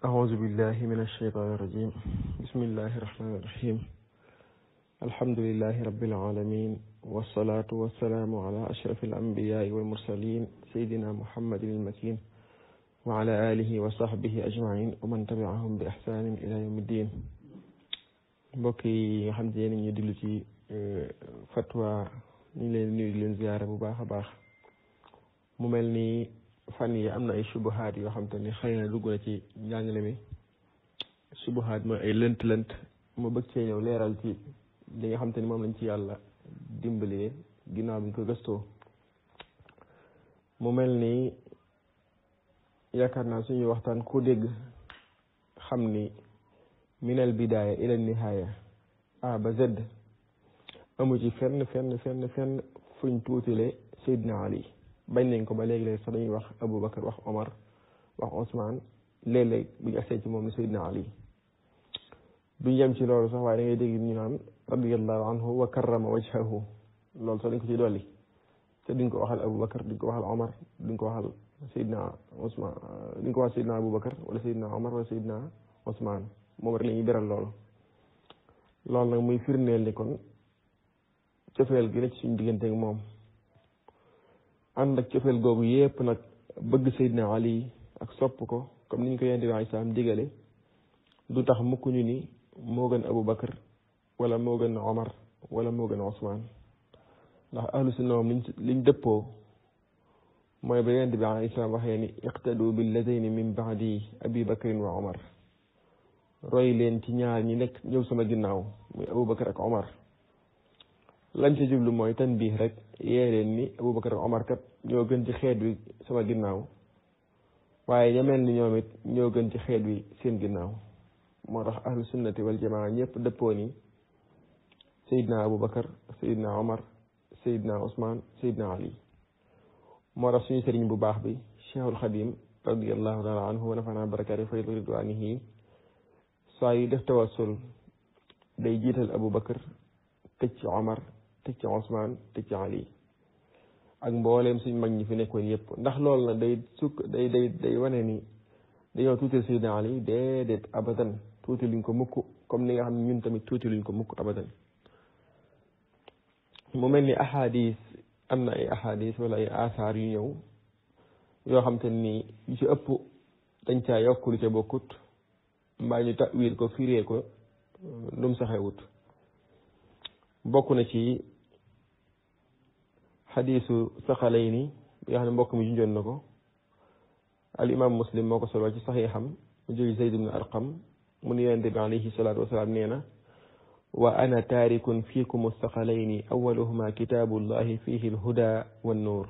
أعوذ بالله من الشيطان الرجيم بسم الله الرحمن الرحيم الحمد لله رب العالمين والصلاة والسلام على أشرف الأنبياء والمرسلين سيدنا محمد المكين وعلى آله وصحبه أجمعين ومن تبعهم بإحسان إلى يوم الدين بكي حمد ينين يدلتي فتوى نيلين نيلين زيارة مباحة باخ مملني fan yi am na ay subuhaat yoo xam te ne xëy na dugg na ci njàngale mi subuhaat mooy ay lënt-lënt ma bëgg cee ñëw leeral ci li nga xam te ni moom lañ ci yàlla dimbalee ginnaaw bi ñu ko gëstoo mu mel ni yaakaar naa suñu waxtaan ku dégg xam ni minal bidaaya ila nihaaya a ba z amu ci fenn fenn fenn fenn fuñ tuutile Seydina Ali bañ nañ ko ba léegi-léegi sax dañuy wax wax Omar wax Ousmane léeg-léeg bu ñu agsee ci moom ne Seydina Ali duñ yem ci loolu sax waaye da dégg ñu naan radiyallahu anhu wa karrama wajhahu loolu sax dañ ko ci dolli te duñ ko waxal Aboubacar duñ ko waxal Omar duñ ko waxal Seydina Ousmane duñ ko waxal Seydina Aboubacar wala Seydina Omar wala Seydina Ousmane moom rek la beral loolu loolu nag muy firndeel ni kon cofeel gi ne ci suñu digganteeg moom ànd ak cofeel googu yépp nag bëgg Seydina Ali ak sopp ko comme niñ ko yonent bi alayhi salaam digale du tax mukkuñu ñu ni moo gën Abu Bakar wala moo gën Omar wala moo gën Ousmane ndax ahlu sunna moom liñ liñ dëppoo mooy ba yonent bi alayhi salaam waxee ni iqtadu billadayni min baadi abi bakrin wa Omar roy leen ci ñaar ñi nekk ñëw sama ginnaaw muy Abu Bakar ak Omar lañ ci jublu mooy tan bii rek yee leen ni Aboubacar Omar kat ñoo gën ci xeet wi sama ginnaaw waaye ñamel ni ñoom it ñoo gën ci xeet wi seen ginnaaw moo tax ahlu sunnati wal jamaa ñëpp dëppoo ni Seydina Aboubacar Seydina Omar Seydina Ousmane Seydina Ali moo tax suñu sëriñ bu baax bi Cheikhul Xadim radiallahu taala anhu wa nafanaa barakaati fay ridwaanihi saa yu def tawassul day jiital Aboubacar tëj ci Omar teg ci Ousmane Ali ak mbooleem suñ mag ñi fi nekkoon yëpp ndax loolu na day sukk day day day wane ni dañoo tuutal Seydina Ali déedéet abadan tuuti luñ ko mukk comme ni nga xam ne ñun tamit tuuti luñ ko mukk abadan mu mel ni ahadis am na ay ahadis wala ay asaar yu ñëw yoo xam te nii yu ci ëpp dañ caa yokk lu ca bokkut mbaa ñu tawil ko firee ko lu mu saxewut bokk na ci hadithu saxalayni bi nga xam mbokk mi junjoon nako al imam muslim moko solo ci sahiham mu jóge zaid ibn arqam mun yende bi alayhi salatu wasalaam neena wa ana taarikun fiikum saxalayni awwaluhuma kitaabullahi fihi alhuda wannuur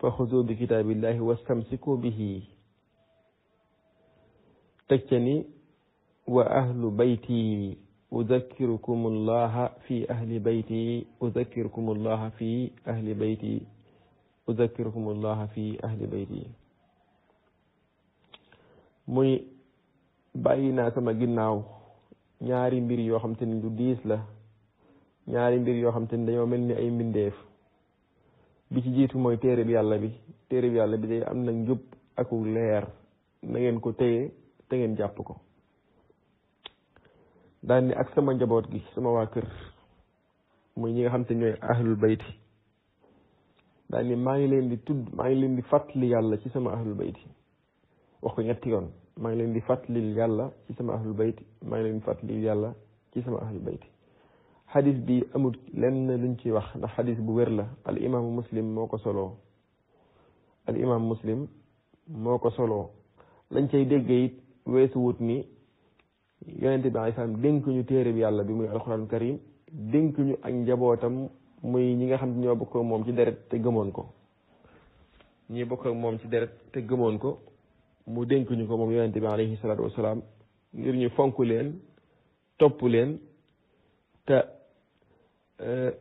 fa xuzuu bi kitaabillahi wastamsiku bihi teg wa ahlu bayti uzakkirukum allaha fi ahli bayti uzakkirukum allaha fi ahli bayti uzakkirukum allaha fi ahli bayti muy bàyyi naa sama ginnaaw ñaari mbir yoo xam te ni lu diis la ñaari mbir yoo xam te ni dañoo mel ni ay mbindeef bi ci jiitu mooy téere bi yàlla bi téere bi yàlla bi day am na njub aku leer na ngeen ko téye te ngeen jàpp ko daal ni ak sama njaboot gi sama waa kër muy ñi nga xam te ñooy ahlul bayti daal ni maa ngi leen di tudd maa ngi leen di fàttali yàlla ci sama ahlul bayti wax ñetti yoon maa ngi leen di fàttalil yàlla ci sama ahlul bayti maa ngi leen di fàttalil yàlla ci sama ahlul bayti xadis bi amul lenn luñ ci wax ndax xadis bu wér la al imaamu muslim moo ko soloo al imaamu muslim moo ko soloo lañ cay déggee it weesu wut ni yonente bi alayhi salaam dénk ñu téere bi yàlla bi muy alxuraan karim dénk ñu ak njabootam muy ñi nga xam ne ñoo bokk ak moom ci deret te gëmoon ko ñi bokk ak moom ci deret te gëmoon ko mu dénk ñu ko moom yonente bi alayhi salaatu wasalaam ngir ñu fonk leen topp leen te e,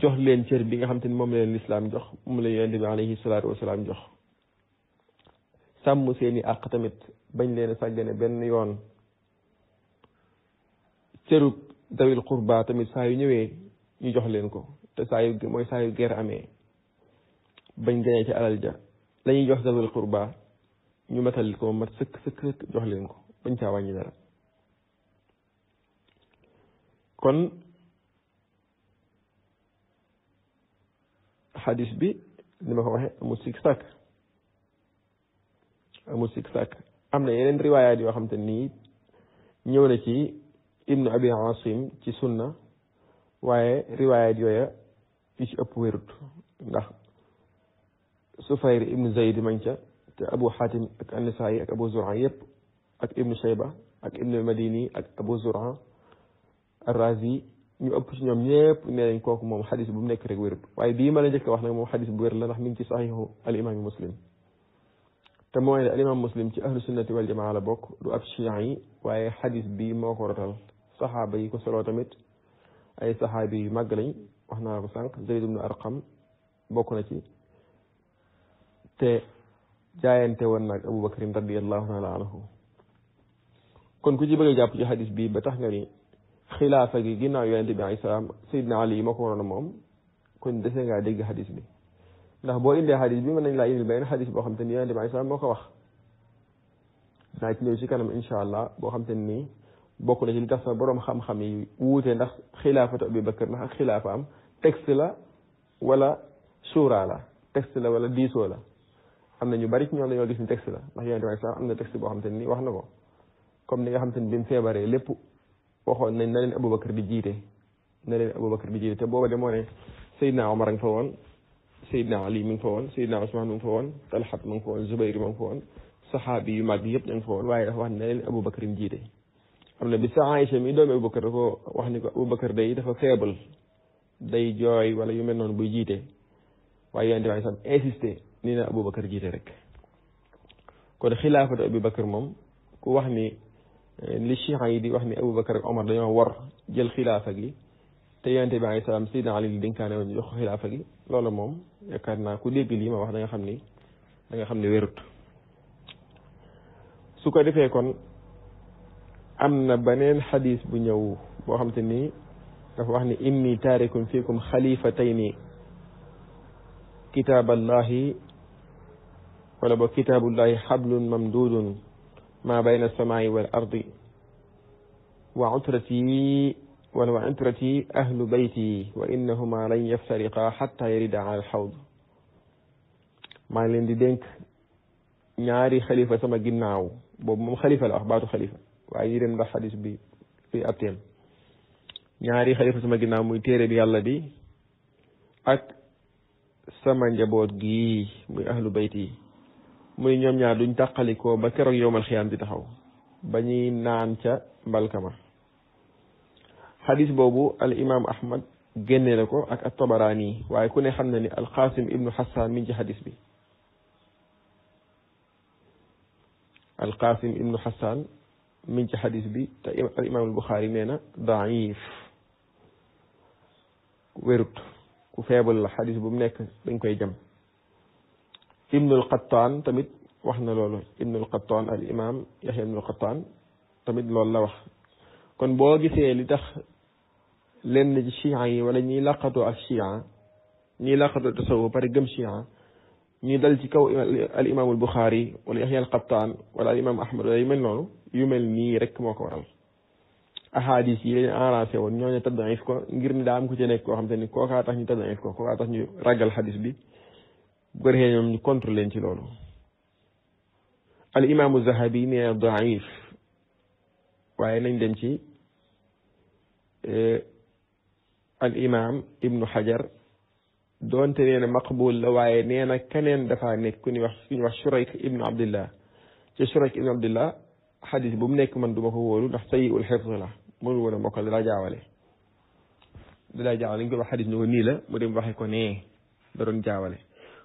jox leen cër bi nga xam te ni moom leen lislaam jox moom la yonente bi alayhi salaatu wasalaam jox sàmm seeni àq tamit bañ leen a sàggane benn yoon cërug dawil xurba tamit saa yu ñëwee ñu jox leen ko te saa yu mooy saa yu ger amee bañ gañee ci alal ja lañuy jox dawil xurba ñu matal ko mat sëkk sëkk sëkk jox leen ko bañ caa ñi dara kon xadis bi ni ma ko waxee amul sikk sàkk am na yeneen riwaayaat yoo xam te nii ñëw na ci ibnu abi asim ci sunna waaye riwaayat yooya yi ci ëpp wérut ndax sufayr ibnu zayd mañ ca te abu xaatim ak annisaayi ak abu zura yépp ak ibnu shayba ak ibnu madini ak abu zura arrazi ñu ëpp ci ñoom ñëpp nee nañ kooku moom xadis bu mu nekk rek wérut waaye bii ma la njëkk wax nag moom xadis bu wér la ndax mi ngi ci saxiixu al imaami muslim te mooy ne al imaam muslim ci ahlu sunnati wal jamaa la bokk du ab chiyan yi waaye xadis bii moo ko rotal saxaaba yi ko solo tamit ay saxaabi yu màgg lañ wax naa ko sànq Zayd ibnu Arqam bokk na ci te jaayante woon naag Abu Bakrin radiyallahu taala anhu kon ku ci bëgg a jàpp ci xadis bi ba tax nga ni xilaafa gi ginnaaw yonente bi alayhi salaam Seydina Ali yi ma ko waroon a moom kon dese ngaa dégg xadis bi ndax boo indee xadis bi mën nañ laa indil beneen xadis boo xam te ni yonente bi salaam moo ko wax naa ci ñëw ci kanam incha allah boo xam te ni bokk na ci li borom xam-xam yi wuté ndax khilafatu abi bakr ndax khilafa am texte la wala sura la texte la wala diso la amna ñu bari ci ñoo dañu gis ni texte la ndax yonente bi alei salaam texte bo xamanteni wax na ko comme ni nga xamanteni bimu febaré lépp waxon nañ na len abou bakr di jité na len abou bakr di jité te boba de moo ne sayyidna umar a ngi fa woon Seydina Ali mi ngi fa woon Seydina Ousmane mi ngi fa woon Talxat mi fa woon Zubayr mi ngi fa woon saxaabi yu mag yëpp ñu ngi fa woon waaye dafa wax na len abou bakr di jité am na bi sa Aïcha mi doomi Aboubacar da ko wax ni ko Aboubacar day dafa feebal day jooy wala yu mel noonu buy jiite waaye yonent waaye sam insisté nii na Aboubacar jiite rek kon xilaafatu Aboubacar moom ku wax ni eh, li chiites yi di wax ni Aboubacar ak Omar dañoo war jël xilaafa gi te yonent bi alayhi salaam Sayyidina Ali li dénkaane woon jox ko xilaafa gi loolu moom yaakaar naa ku dégg lii ma wax danga xam ni da nga xam ni wérut kon amna benen hadith bu ñëw bo xamanteni dafa wax ni inni taarikum fiikum kitab allah wala bo kitab allah hablun mamdudun ma bayna samai wal ardi wa utrati wala wa utrati ahlu bayti wa innahuma lan yaftariqa hatta yarida al hawd ma len di dénk ñaari khalifa sama ginnaw boobu mom khalifa la wax baatu khalifa waaye yërëm ndax xadis bi luy atteem ñaari xalifa sama ginaaw muy téere bi yàlla bi ak sama njaboot gi muy ahlu bayt yi muy ñoom ñaar duñ tàqalikoo ba keroog yowmal xiyaam di taxaw ba ñuy naan ca mbalkama xadis boobu al imam ahmad génne na ko ak at-Tabaraani waaye ku ne xam na ni al-Qasim ibnu Hassan mi ngi ci xadis bi al-Qasim ibnu Hassan من شي حديث بي الامام البخاري نينا ضعيف ويرت كو فيبل الحديث بوم نيك دنجكاي جام ابن القطان تمت واخنا لولو ابن القطان الامام يحيى بن القطان تمت لول لا واخ كون بو غيسه لي تخ لين شيعه ولا ني لاقطو الشيعه ني لاقطو تصوف بار جم شيعه ñuy dal ci kaw al imaamul Buxaari wala Yaxya al wala al imaam wala yu mel noonu yu mel nii rek moo ko waral ahadis yi lañu enrancé woon ñooñu taddaif ko ngir ni daa am ku ci nekk koo xam te ni kookaa tax ñu taddaif ko kookaa tax ñu ragal xadis bi bu ko defee ñu contrôle leen ci loolu al imaamu Zahabi nee daif waaye nañ dem ci eh, al imaam Hajar doonte nee na maqbul la waaye nee na keneen dafaa nekk ku ñuy wax ku ñuy wax Shurayk ibn Abdillah ci Shurayk ibn Abdillah xadis bu mu nekk man du ma ko wóolu ndax sayi ul xifz la mënu woon a mokkal dalaa jaawale dalaa jaawale ñu koy wax xadis nii la mu dem waxe ko nee da doon jaawale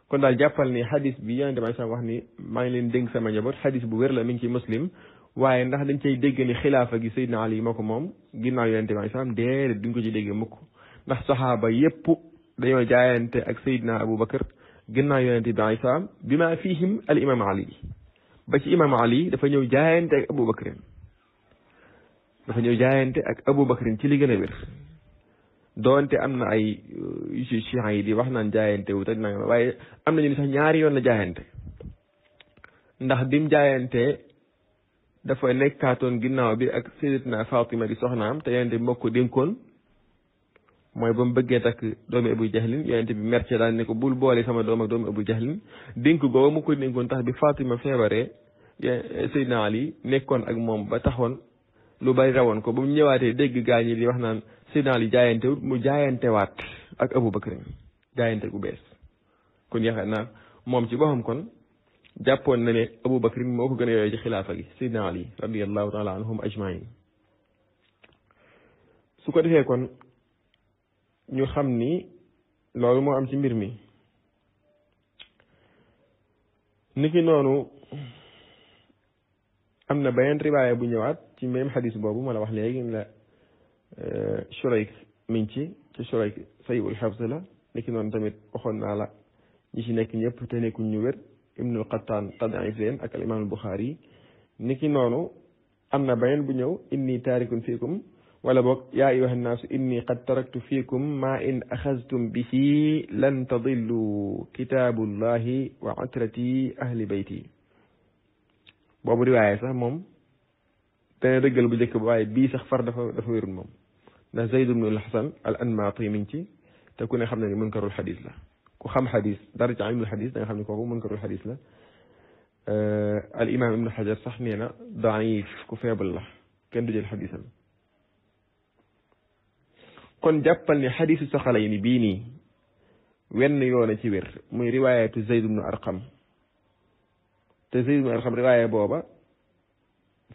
kon daal jàppal ni xadis bi yonente may sax wax ni maa ngi leen dénk sama njaboot xadis bu wér la mi ngi ci muslim waaye ndax dañ cay dégg ni xilaafa gi Seydina Ali ma ko moom ginnaaw yonente may sax déedéet duñ ko ci dégg mukk ndax saxaaba yépp dañoo jaayante ak Seydina Aboubacar ginnaaw yonente bi bi ma fihim al imam ali ba ci imam ali dafa ñëw jaayante ak Aboubacar dafa ñëw jaayante ak Aboubacar ci li gën a doonte am na ay uh, chiites yi di wax na jaayante wu te waaye am nañu ni sax ñaari yoon la jaayante ndax bim jaayante dafa nekkaatoon ginnaaw bi ak Sayyidatna Fatima di soxnaam te yonente bi moo ko mooy ba mu bëggee takk doomi abu jahlin yonent bi merce daal ne ko bul boole sama doom ak doomi abu jahlin dénk googu mu ko dénkoon tax bi Fatima feebaree Seydina Ali nekkoon ak moom ba taxoon lu bari rawoon ko ba mu ñëwaatee dégg gaa ñi di wax naan Seydina Ali jaayantewut mu jaayante jaayantewaat ak Abu Bakr jaayante gu bees kon yaakaar naa moom ci boppam kon jàppoon na ne Abu Bakr moo ko gën a yooyu ci xilaafa gi Seydina Ali radiyallahu taala anhum ajmain su ko defee ñu xam ni loolu moo am ci mbir mi niki noonu am na beneen riwaaya bu ñëwaat ci même xadis boobu ma la wax léegi la euh, Shurayk miñ ci ci Shurayk sayyul xabs la niki noonu tamit waxoon naa la ñi ci nekk ñëpp te nekkuñ ñu wér ibnul Qattaan qadaif leen ak al imaamul Buxaari niki noonu am na beneen bu ñëw inni taarikun fiikum ولا بوك يا أيها الناس إني قد تركت فيكم ما إن أخذتم به لن تضلوا كتاب الله وعترتي أهل بيتي بابو رواية صح مم تاني رجل بجيك بواي بي سخفر دفا دفا ويرون مم نه زيد بن الحسن الأنماطي منتي تكون خمنا منكر الحديث لا وخم حديث درجة علم الحديث نحن نقول منكر الحديث لا آه، الإمام ابن حجر صح نينا ضعيف كفاية بالله كان الحديث حديثا kon jàppal ni xadiisu Saxalayni bii nii wenn yoon ci wér muy riwaayatu Zayd ibnu Arqam te Zayd ibnu Arqam riwaaya booba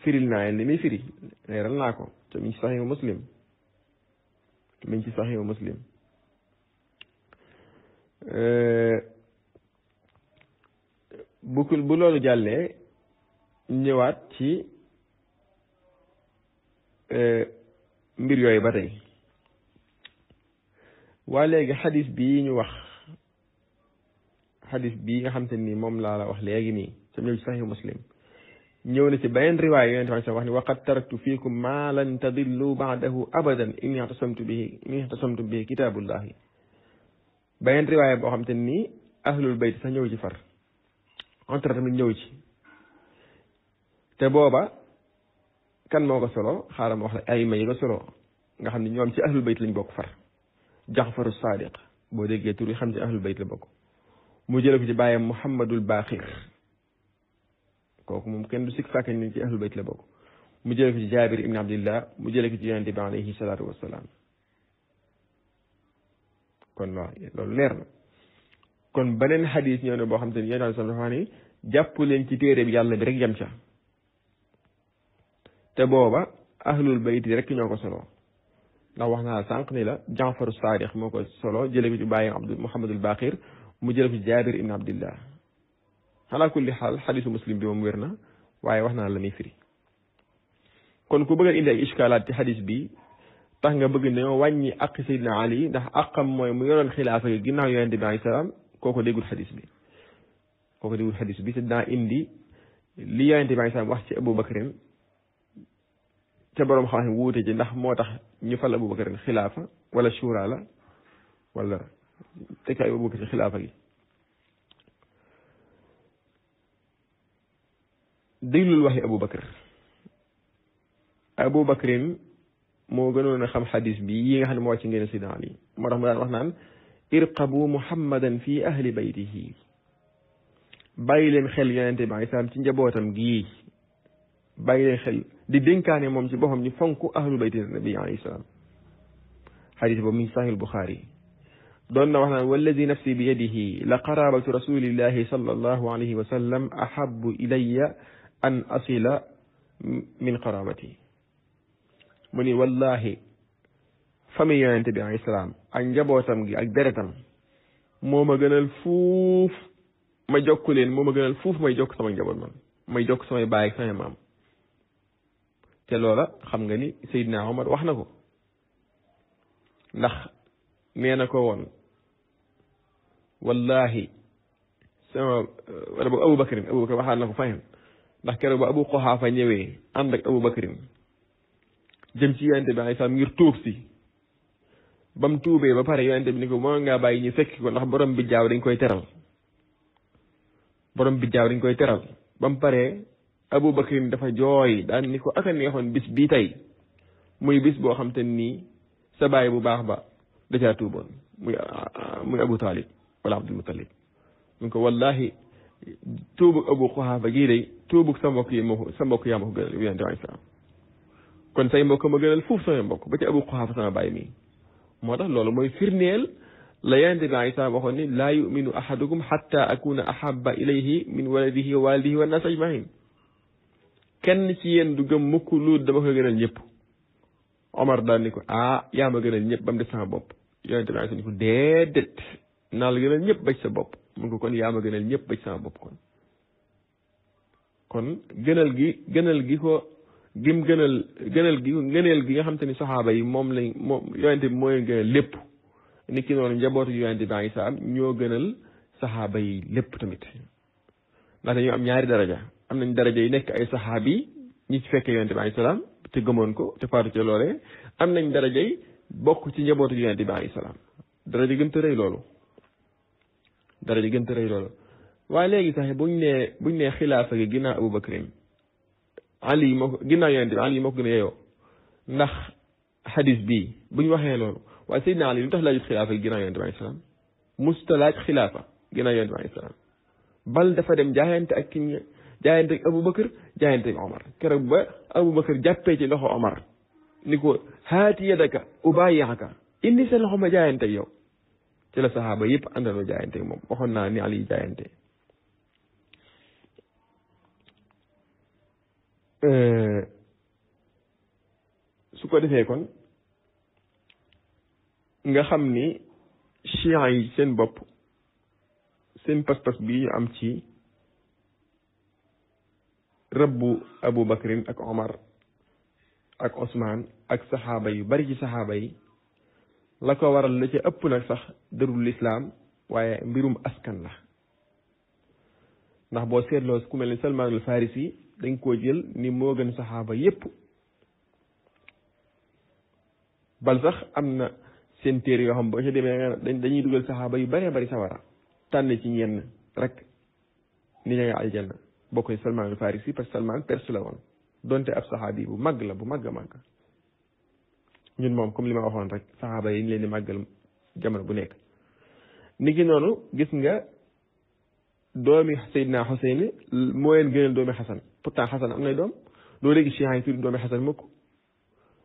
firil naa leen li firi leeral naa ko te mi ngi ci saxiihu muslim mi ngi ci saxiihu muslim bu bu loolu jàllee ñëwaat ci mbir yooyu ba tey waa léegi xadis bii ñu wax xadis bii nga xam te ni moom laa la wax léegi nii sa ñëw ci saxihu muslim ñëw na ci beneen riwaaya yonente bi wax ni waqad taraktu fiikum maa lan tadillu baadahu abadan inni ixtasamtu bihi inni ixtasamtu bihi kitaabullahi beneen riwaaya boo xam te ni ahlul bayt sax ñëw ci far entre tamit ñëw ci te booba kan moo ko solo xaaral ma wax la ay ma yi ko solo nga xam ne ñoom ci ahlul bayt lañ bokk far jaxfaru sadiq boo déggee tur yi xam ne ahlul bayt la bokk mu jële ko ci bàyyam muhammadul baaxir kooku moom kenn du sikk sàkk ni ci ahlul bayt la bokk mu jële ko ci jaabir ibn abdillah mu jële ko ci yonente bi alayhi salaatu wassalaam kon waaw loolu leer na kon beneen xadis ñëw ne boo xam te ni yonente bi dafa wax ni jàpp leen ci téere bi yàlla bi rek yem ca te booba ahlul bayt rek ñoo ko soloo ndax wax naa sànq ni la janfaru saarix moo ko solo jële bi ci bàyyi abdu mouhamadul baqir mu jële ko ci jaabir ibn abdillah ala kulli xaal xadisu muslim bi moom wér na waaye wax naa la muy firi kon ku bëgg a indi ay iskalaat ci xadis bi tax nga bëgg dañoo wàññi aq sayidina ali ndax aqam mooy mu yoroon xilaafa gi ginnaaw yonente bi alayhi salaam kooko déggul xadis bi kooko déggul xadis bi te daa indi li yonente bi alayhi salaam wax ci abou bacrin te borom xam-xam wuute ci ndax moo tax ñu fal abou Aboubacar khilafa wala shura la wala tekkaayu abou ci khilafa gi déglul waxi abou Aboubacarin mo gënon na xam hadith bi yi nga xam mo ci ngeen ci daal yi mo tax mo wax naan irqabu muhammadan fi ahli baytihi bàyyi xel yonente bi alayhi salaam ci njabootam gi bàyyi xel di dénkaane moom ci boppam ni fonk ahlul bayti nabi alayhi na wax naan walladi nafsi bi yadihi la qarabatu rasulillahi sallallahu alayhi wa sallam wallahi famille yonente bi salaam ak gi ak deretam moo ma gënal fuuf ma jokku leen moo ma gënal fuuf may jokk sama njaboot man te loola xam nga ni Seydina Omar wax na ko ndax nee na ko woon wallahi sama wala boobu Aboubacarin Aboubacar waxaan na ko fayam ndax keroog ba Abu Quhaafa ñëwee ànd ak jëm ci yonente bi alayhi salaam ngir tuub si bam mu tuubee ba pare yonente bi ni ko moo ngaa bàyyi ñu fekk ko ndax boroom bi jaaw dañ koy teral borom bi jaaw dañ koy teral ba paree abou bakrin dafa joy dan ni ko aka neexoon bis bi tay muy bis bo xamanteni sa baye bu bax ba da ca tubon muy muy abou Talib wala abdou Mutalib mun ko wallahi tuubug Abu khuhafa gi day tuubug sa mbok yi mo sa mbok ya mo ko gënal yonente alayhi salaam kon say mbok ma gënal fuf sa mbok ba ci Abu khuhafa sama baye mi motax lolu moy firnel firneel la yonente bi alayhi salaam waxoon ni laa yuminu ahadukum xatta akuna ahaba ilayhi min waladihi wa walidihi wa annaas ajmain kenn ci yéen du gëm mukk lu dama ko gënal ñëpp Omar daal ni ko ah yaa ma gënal ñëpp ba mu des sama bopp yonente bi ni ñëpp ba sa bopp mun ko kon yaa ñëpp ba ci sama bopp kon kon gi gënal gi ko gim gënal gi ngëneel gi nga xam ni saxaaba yi moom lañ moom lépp ni ki noonu njabootu yonente baa ngi saam ñoo gënal saxaaba yi lépp tamit ndax dañoo am ñaari daraja am nañ daraja yi nekk ay saxaabi ñi ci fekkee yonente bi alayhi salaam te gëmoon ko te faatu ci loolee am nañ daraja yi bokk ci njabootu yonente bi alayhi salaam daraja gën te rëy loolu daraja gën te rëy loolu waaye léegi sax buñ nee buñ nee xilaafa gi ginnaaw Abubakrin Ali moo ko ginnaaw yonente bi Ali moo ko gën a yeyoo ndax xadis bii buñ waxee loolu waaye Seydina Ali lu tax laajut xilaafa gi ginnaaw yonente bi alayhi salaam laaj xilaafa ginnaaw yonente bal dafa dem jaayante ak ki jaayanteeg Aboubacar jaayanteeg Omar keroog ba Aboubacar jàppee ci loxo Omar ni ko haati yadaka ubayyahaka indi seen loxo ma jaayanteeg yow ci la saxaaba yëpp àndandoo jaayanteeg moom waxoon naa ni Ali jaayante su ko defee kon nga xam ni chiites yi seen bopp seen pas-pas bi ñu am ci rëbbu Abu Bakrin ak Omar ak Ousmane ak saxaaba yu bari ci saxaaba yi la ko waral la ca ëpp nag sax dërul lislaam waaye mbirum askan la ndax boo seetloo ku mel ni Salmaanul Farisi dañ koo jël ni moo gën saxaaba yépp bal sax am na seen téere yoo xam boo ca demee dañuy dugal saxaaba yu baree bari sawara tànn ci ñenn rek ni ña nga aljanna boo koy Salmaan al-Farisi parce que Salmaan perse la woon donte ab saxaabi bu mag la bu mag a mag ñun moom comme li ma waxoon rek saxaaba yi ñu leen di màggal jamono bu nekk. ni ki noonu gis nga doomi Seydina Xuseyni moo leen gënal doomi Xasan pourtant Xasan am nay doom doo léegi Cheikh yi tudd doomi Xasan mukk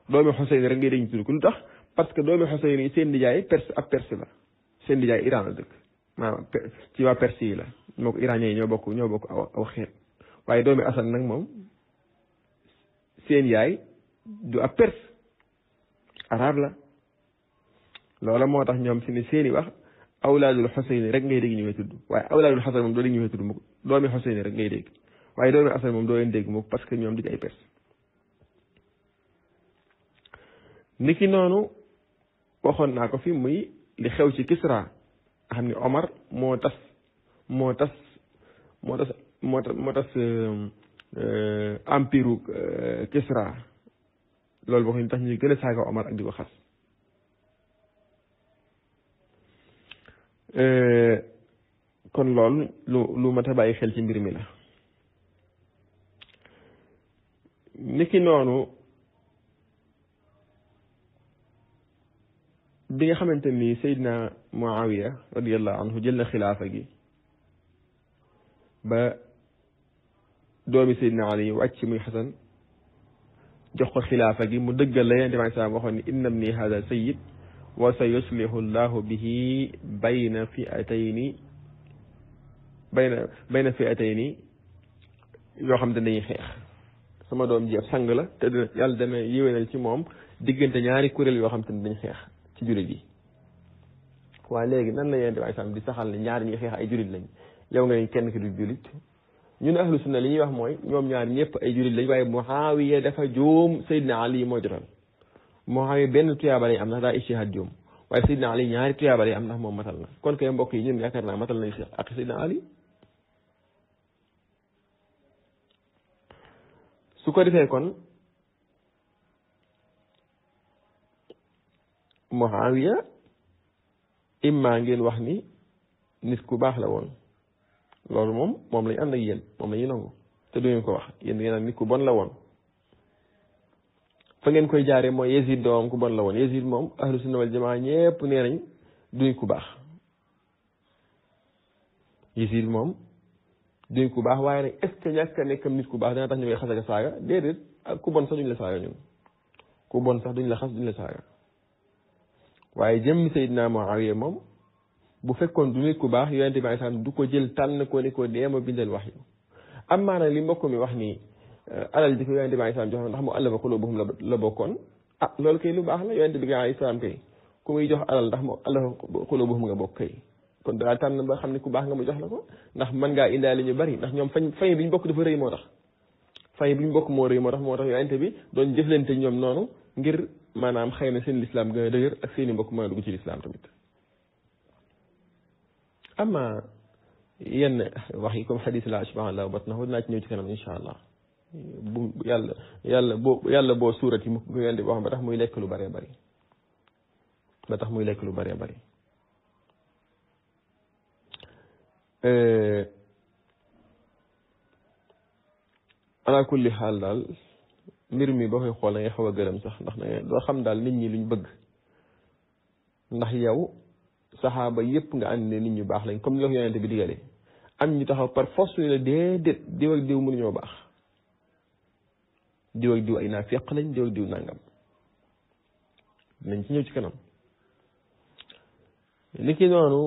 doomi Xuseyni rek ngay dégg ñu tudd ko lu tax parce que doomi Xuseyni seen nijaay perse ab perse la seen nijaay Iran la dëkk. maanaam ci waa Perse yi la moo ko iranien yi ñoo bokk ñoo bokk aw aw xeet waaye doomi Asan nag moom seen yaay du ab Perse arab la loola moo tax ñoom si ni seeni wax awlaadul Xuseyn rek ngay dégg ñu ngi tudd waaye awlaadul moom doo dégg ñu ngi tudd mukk rek ngay dégg waaye doomi Asan moom doo leen dégg parce que ñoom duñ ay Perse niki noonu waxoon naa ko fi muy li xew ci Kisra nga xam ne Omar moo tas moo tas moo tas moo tas moo tas euh, empire euh, Kisra loolu boo xam tax ñuy gën a saaga Omar ak di ko xas euh, kon loolu lu lu mat a bàyyi xel ci mbir mi la niki noonu bi nga xamante ni Seydina Muawiya radiyallahu anhu jël na xilaafa gi ba doomi Seydina Ali wàcc muy Xasan jox ko xilaafa gi mu dëggal la Yonent bi alayhi salaam waxoon ni inna ibni hada sayyid wa sa yuslihu llahu bihi bayna fi'atayni bayna bayna fi'atayni yoo xam ne dañuy xeex sama doom ji ab sang la te yàlla dana yéwénal ci moom diggante ñaari kuréel yoo xam te ne dañuy xeex ci jullit yi waa léegi nan la yonent bi alayhi salaam di saxal ne ñaar ñi xeex ay jullit lañ yow nga ne kenn ki du jullit ñun si na li ñuy wax mooy ñoom ñaar ñëpp ay jullit lañ waaye Muawiya dafa juum Seydina Ali moo jotal Muawiya benn tuyaaba lay am ndax daa ijtihaad juum waaye Seydina Ali ñaari tuyaaba lay am ndax moom matal na kon kay mbokk yi ñun yaakaar naa matal nañ ak Seydina Ali su ko defee kon Muawiya imma ngeen wax ni nit ku baax la woon loolu moom moom lañ ànd ak yéen moom la nangu te du ngeen ko wax yéen ngeen naan nit ku bon la woon fa ngeen koy jaaree mooy Yazid doomam ku bon moom ahlu sunna wal jamaa ñépp nee ku baax Yazid moom duñ ku baax waaye nag est-ce nekkam nit ku baax dana tax ñu koy saaga déedéet ku bon sax duñ la saaga ñun ku bon sax duñ la xas duñ la saaga waaye jëmmi Seydina Muawiya moom bu fekkoon du nit ku baax yonente bi alayhi du ko jël tànn ko ni ko deema bindal wax am maana li mbokk mi wax nii eh, alal di ko yonente bi alayhi joxoon ndax mu allafa qulubuhum la bokkoon ah loolu lu baax la yonente bi alayhi ku muy jox alal ndax mu allafa qulubuhum nga bokk kay kon daa tànn ba xam ne ku baax nga mu jox la ko ndax man ngaa indaale ñu bari ndax ñoom fañ fay bi ñu bokk dafa rëy moo tax fay bi ñu bokk moo rëy moo tax moo tax yonente bi doon jëflante ñoom noonu ngir maanaam xëy na seen lislaam gën a dëgër ak seen i mbokk mën a dugg ci tamit ama yenn wax yi ko xadis la ashbaha allah batnahu naa ci ñëw ci allah bu yàlla yàlla boo yàlla boo suurat yi mu leen di wax ba tax muy lekk lu bare bëri ba tax muy lekk lu bare bëri ala kulli xaal daal mbir mi boo koy xool da ngay xaw a gërëm sax ndax da ngay doo xam daal nit ñi luñ bëgg ndax yow saxaaba yépp nga ànd ne nit ñu baax lañ comme ni la bi digalee am ñu taxaw par force la déedéet diw ak diw mënuñoo baax diw lañ diw ak diw ci kanam ni ki noonu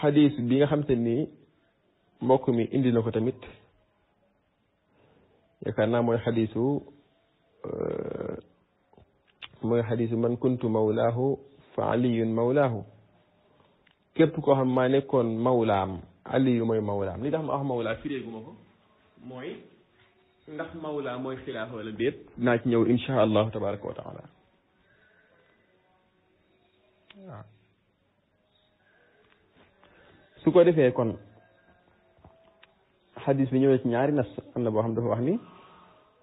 xadis bi nga xam te ni mbokk mi indi na ko tamit yaakaar naa mooy xadisu mooy xadiisu man kuntu mawlaahu fa aliyun mawlaahu képp koo xam maa nekkoon mawlaam aliyu mooy mawlaam li tax ma wax mawlaa firéeguma ko mooy ndax mawlaa mooy xilaafa wala déet naa ci ñëw insha allahu tabaraka wa taala waaw su ko defee kon xadis bi ñëwee ci ñaari nas am na boo xam dafa wax ni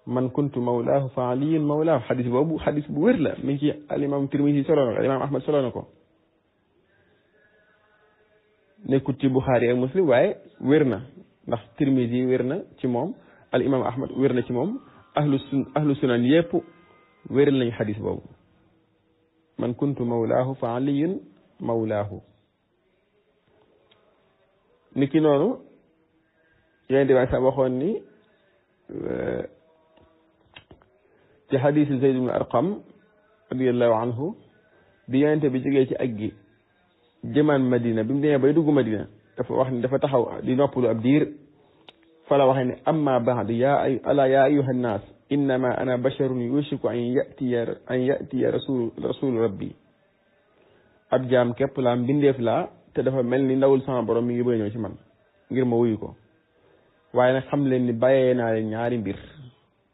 man kuntu mawlaahu fa aliyun mawlaahu xadis boobu xadis bu wér mi ngi ci alimam tirmisi solo na ko alimam ahmad solo na ko nekkut ci buxaari ak muslim waaye wér na ndax tirmisi wér na ci moom alimam ahmad wér na ci moom ahlu sun sunan yépp wéral nañ xadis boobu man kuntu mawlaahu fa aliyun mawlaahu niki noonu yeneen di waxoon ni ci xadiisi Zayd ibn Arqam radiyallahu anhu bi yonente bi jógee ci ak gi jëmaan Madina bi mu demee bay dugg Madina dafa wax ne dafa taxaw di noppalu ab diir fala waxee ni amma baadu yaa ay ala yaa ayuha nnaas innama ana basharun yushiku an yatiya rasulu rabbi ab jaam képp la mbindeef la te dafa mel ni ndawul sama borom mi ngi ci man ngir ma wuyu ko waaye nag ni bàyyee naa ñaari mbir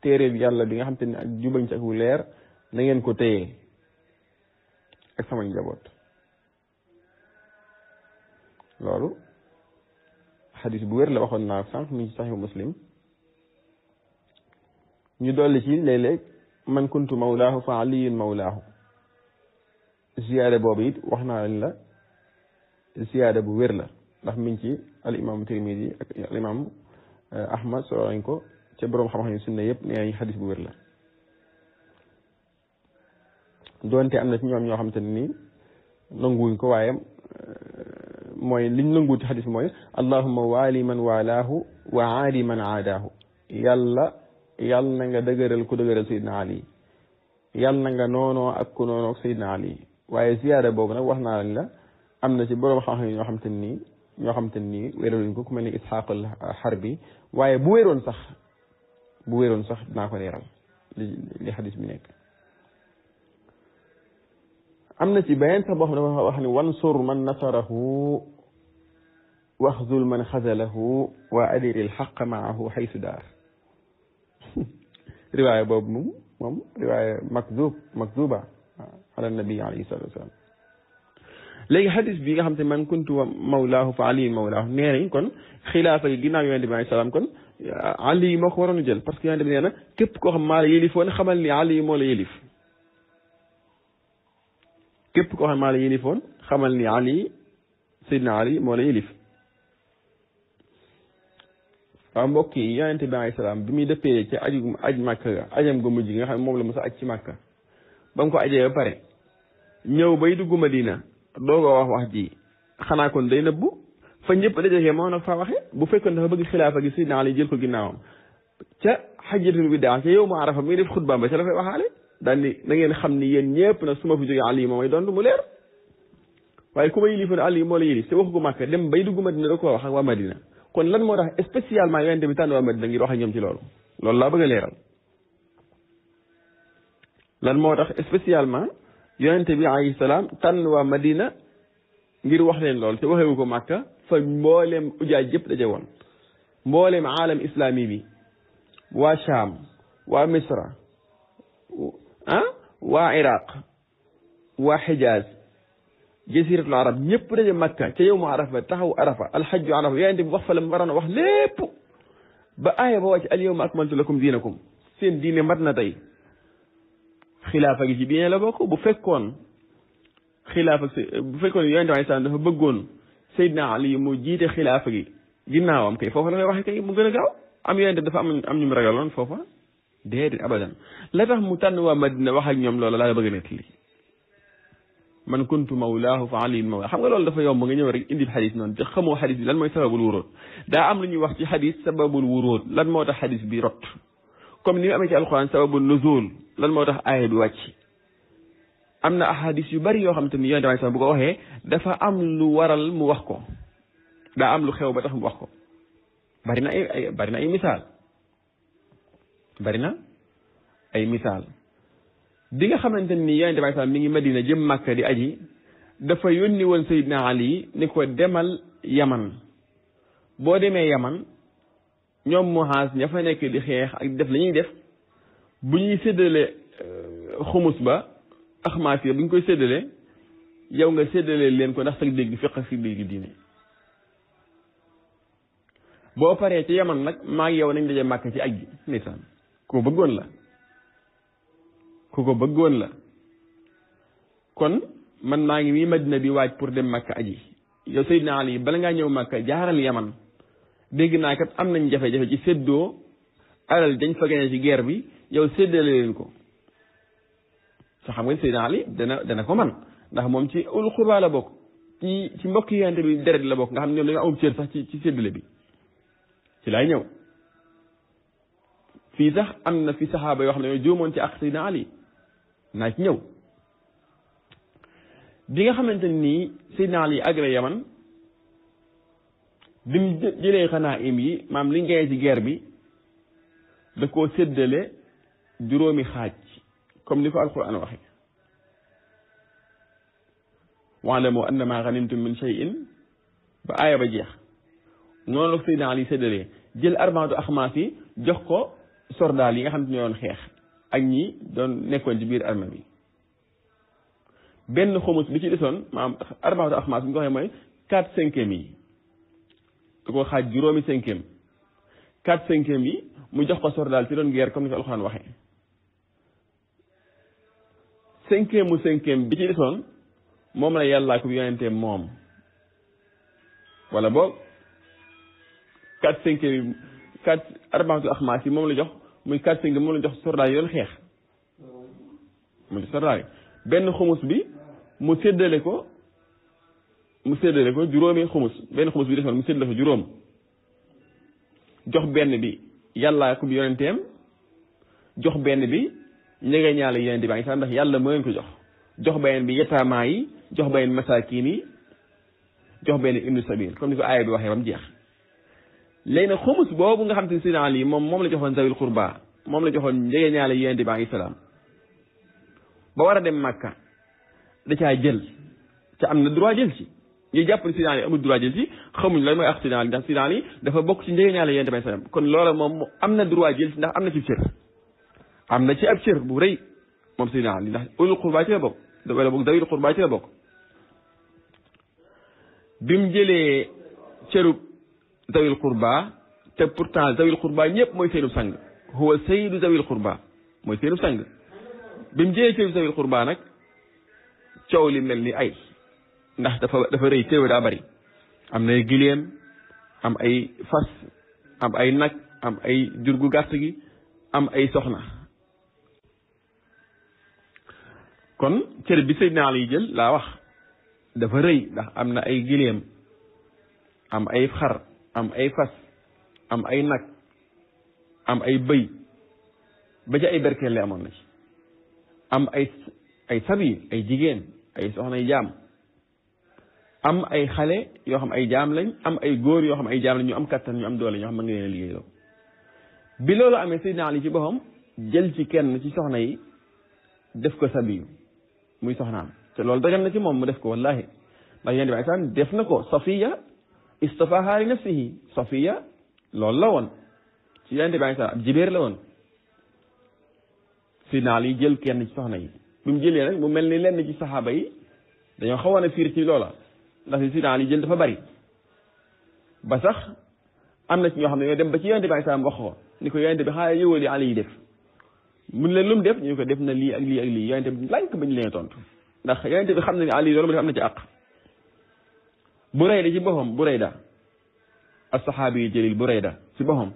téere bi yàlla bi nga xam te ne ak jubañ ci ak wu leer na ngeen ko téye ak sama njaboot loolu xadis bu wër la waxoon naa sànq mi ci saxihu muslim ñu dolli ci léeg-léeg man kuntu mawlaahu fa aliyun mawlaahu ziyaada boobu it wax naa leen la ziyaada bu wér la ndax mi ci al imam tirmidi al imam eh, ahmad solo nañ ko ca boroom xam-xam yi sunna yëpp nee nañ bu wér la doonte am na ci ñoom ñoo xamante ne nii nanguwuñ ko waaye euh, mooy liñ nanguwul ci xadis mooy allahumma waali man waalaahu wa aadi man aadaahu yàlla yàll na nga dëgëral ku dëgëral sayidna ali yàll na nga noonoo ak ku noonoo ak sayidna ali waaye ziyaada boobu nag wax naa lañ la am na ci boroom xam-xam yi ñoo xamante ne nii ñoo xamante ne nii wéraluñ ko ku mel ni al xarbi waaye bu wéroon sax bu wéroon sax dinaa ko leeral li li xadis bi nekk am na ci beneen sax boo xam ne dafa wax ni wan wansur man nasarahu waxzul man xazalahu wa adir adiri alxaqa maahu xaysu daar riwaaya boobu moom moom riwaaya makzub makzuba ala nabi alayhi salatu wasalam léegi xadis bi nga xam te man kuntu mawlaahu fa aliyu mawlaahu nee nañ kon xilaafa yi ginnaaw yonente bi alayhi salaam kon Euh, ali yi moo ko waroon a jël parce que yonent bi nee na képp koo xam maa la yëlifoon xamal ni ali yi moo la yëlif koo xam maa la yëlifoon ni ali Seydina moo la yëlif waaw mbokk yi yonent bi alayhi salaam bi muy dëppee ci aju aj màkk ajam gu mujj nga xam moom la mos a aj ci màkk ba mu ajee ba pare ñëw bay dugg Madina doo ko wax wax ji xanaa kon day nëbbu fa ñëpp dajee moo nag fa waxe bu fekkoon dafa bëgg xilaafa gi Seydina Ali jël ko ginnaawam ca xajjatul widaa ca yow ma arafa muy def xutbaam ba ca dafay waxaale daan ni na ngeen xam ni yéen ñëpp na su ma fi jógee Ali moo may dond mu leer waaye ku ma yilifoon Ali la yilif te waxu ko Màkka dem bay dugg Madina da koo wax ak waa Madina kon lan moo tax spécialement yonent bi tànn waa Madina ngir wax ak ñoom ci loolu loolu laa a leeral lan moo tax spécialement yonent bi alayhi salaam tànn waa Madina leen loolu te waxewu ko Màkka fa mboolem ujaaj yëpp daje woon mboolem aalam islami bi waa Cham waa Misra ah waa Iraq waa Xijaaz jasiratul arab ñëpp daje Makka ca yow mu arafa taxaw arafa alxajju arafa yaa ngi wax fa la mu waroon a wax lépp ba aaya ba wàcc al yawma akmaltu lakum diinakum seen diine mat na tey xilaafa gi ci diine la bokk bu fekkoon xilaafa bu fekkoon yonente alayhi salaam dafa bëggoon سيدنا علي مو جيت خلافة جي جناهم كي فوفا لما يروح كي مقرن جاو أمي عند دفع من أمي مرجالون فوفا دير أبدا لا ده متن ومدن واحد يوم لولا لا بغنت لي من كنت مولاه فعلي المولى حمد الله لفه يوم مغني وري اندي الحديث نون جخمو حديث لن موي سبب الورود دا عمل ني وقت حديث سبب الورود لن موت حديث بي رط كم ني امي القرآن سبب النزول لن موت آية بي am na ahadis yu bari yoo xam te ni yonent bi sax bu ko waxee dafa am lu waral mu wax ko daa am lu xew ba tax mu wax ko bari na ay bari na ay misaal bari na ay misaal dinga nga xamante ni yonent bi sax mi ngi Madina jëm Màkka di aji dafa yónni woon Seydina Ali ni ko demal Yaman boo demee Yaman ñoom Muhaas ña fa nekk di xeex ak def la ñuy def bu ñuy séddale euh, xumus ba axmaas yi bi ñu koy séddalee yow nga séddalee leen ko ndax sag dégg fiq ak si dégg diine boo paree ci yaman nag maa ngi yow nañ daje màkk ci aj gi ndeysaan ku ko bëggoon la ku ko bëggoon la kon man maa ngi mii madina bi waaj pour dem màkk aji yow Seydina yi bala ngaa ñëw màkk jaaral yaman dégg naa kat am nañ jafe-jafe ci séddoo alal dañ fa gane ci geer bi yow séddale leen ko te xam nga Seydina Ali dana ko man ndax moom ci ul xurba la bokk ci ci mbokk yante bi deret la bokk nga xam ne ñoom dañoo amub cër sax ci ci séddale bi ci laay ñëw fii sax am na fi saxaaba yoo xam ne ñoo ci ak naa ñëw bi nga xamante nii Seydina Ali agré Yaman bi mu jëlee xanaa im yi maam li ngay ci guerre bi da koo seddale juróomi xaaj comme ni ko alquran waxe waalamu anna ma ganimtum min cheyin ba aaya ba jeex noonu la ko Seydina Ali séddalee jël arbaatu axmaas yi jox ko sordaal yi nga xam ne ñoo doon xeex ak ñi doon nekkoon ci biir armée bi benn xomus bi ci desoon maanaam arbaatu axmaas bi ñu ko waxee mooy quatre yi da ko xaaj juróomi cinquième quatre cinquième yi mu jox ko sordaal ci doon guerre comme ni ko alxuraan waxee cinquième mu cinquième bi ci desoon moom la yàllaa ko yonentee moom wala boog quatre cinquième quatre arbaatu axmaas yi moom la jox muy quatre cinquième moom la jox soldaar yi xeex mu soldaar yi benn xumus bi mu séddale ko mu séddale ko juróomi xumus benn xumus bi desoon mu séddale ko juróom jox benn bi yàllaa ko yonenteem jox benn bi ñege ñaale yeneen di ba ngi sax ndax yàlla moo ko jox jox beneen bi yetaamaa yi jox beneen masaakiin yi jox beneen ibnu sabil comme ni bi waxee ba jeex léegi nag boobu nga xam te ne sidna Ali moom moom la joxoon zawil qurba moom la joxoon njege ñaale yeneen di baa ngi salaam ba war a dem Makka da caa jël ca am na droit jël ci ñu jàpp ne sidna Ali amul droit jël ci xamuñ lan mooy ak sidna Ali ndax sidna dafa bokk ci njege ñaale yeneen di baa ngi salaam kon loola moom am na droit jël ci ndax am na ci cër am na ci ab cër bu rëy moom Seydina Ali ndax ulul qurbaa ci la bokk wala boog dawil qurbaa bi mu jëlee cërub dawil qurbaa te pourtant dawil qurbaa ñëpp mooy seenub sang huwa sayyidu dawil qurbaa mooy seenub sang bi mu jëlee cërub dawil qurbaa nag coow li mel ni ay ndax dafa dafa rëy téew daa bari am na gileem am ay fas am ay nag am ay jur gu gi am ay soxna kon cër bi Seydina Ali jël laa wax dafa rëy ndax am na ay gileem am ay xar am ay fas am ay nag am ay bëy ba ca ay berkelle amoon na ci am ay ay sabi ay jigéen ay soxna ay jaam am ay xale yoo xam ay jaam lañ am ay góor yoo xam ay jaam lañ ñu am kattan ñu am doole ñoo xam mën nga leen liggéey loo bi loolu amee Seydina Ali ci boppam jël ci kenn ci soxna yi def ko sabiyu muy soxnaam te loolu dagan na ci moom mu def ko wallahi ndax yéen bi isaan def na ko safiya istafaha li nafsihi safiya loolu la woon ci yéen bi isaan la woon si naal yi jël kenn ci soxna yi jëlee nag mu mel ni lenn ci saxaaba yi dañoo xawoon a fiir ci loola ndax si naal yi jël dafa ba sax am na ci ñoo xam ne ñoo dem ba ci yonent bi ay salaam wax ko ni ko yonent bi xaaral yëwali ali yi def mun leen lu mu def ñu ko def na lii ak lii ak lii yonente bi lànk bañ leen tontu ndax yonente bi xam na ne ali loolu mu def am ci àq Burayda ci boppam Burayda as-saxaabi yi jëlil ci boppam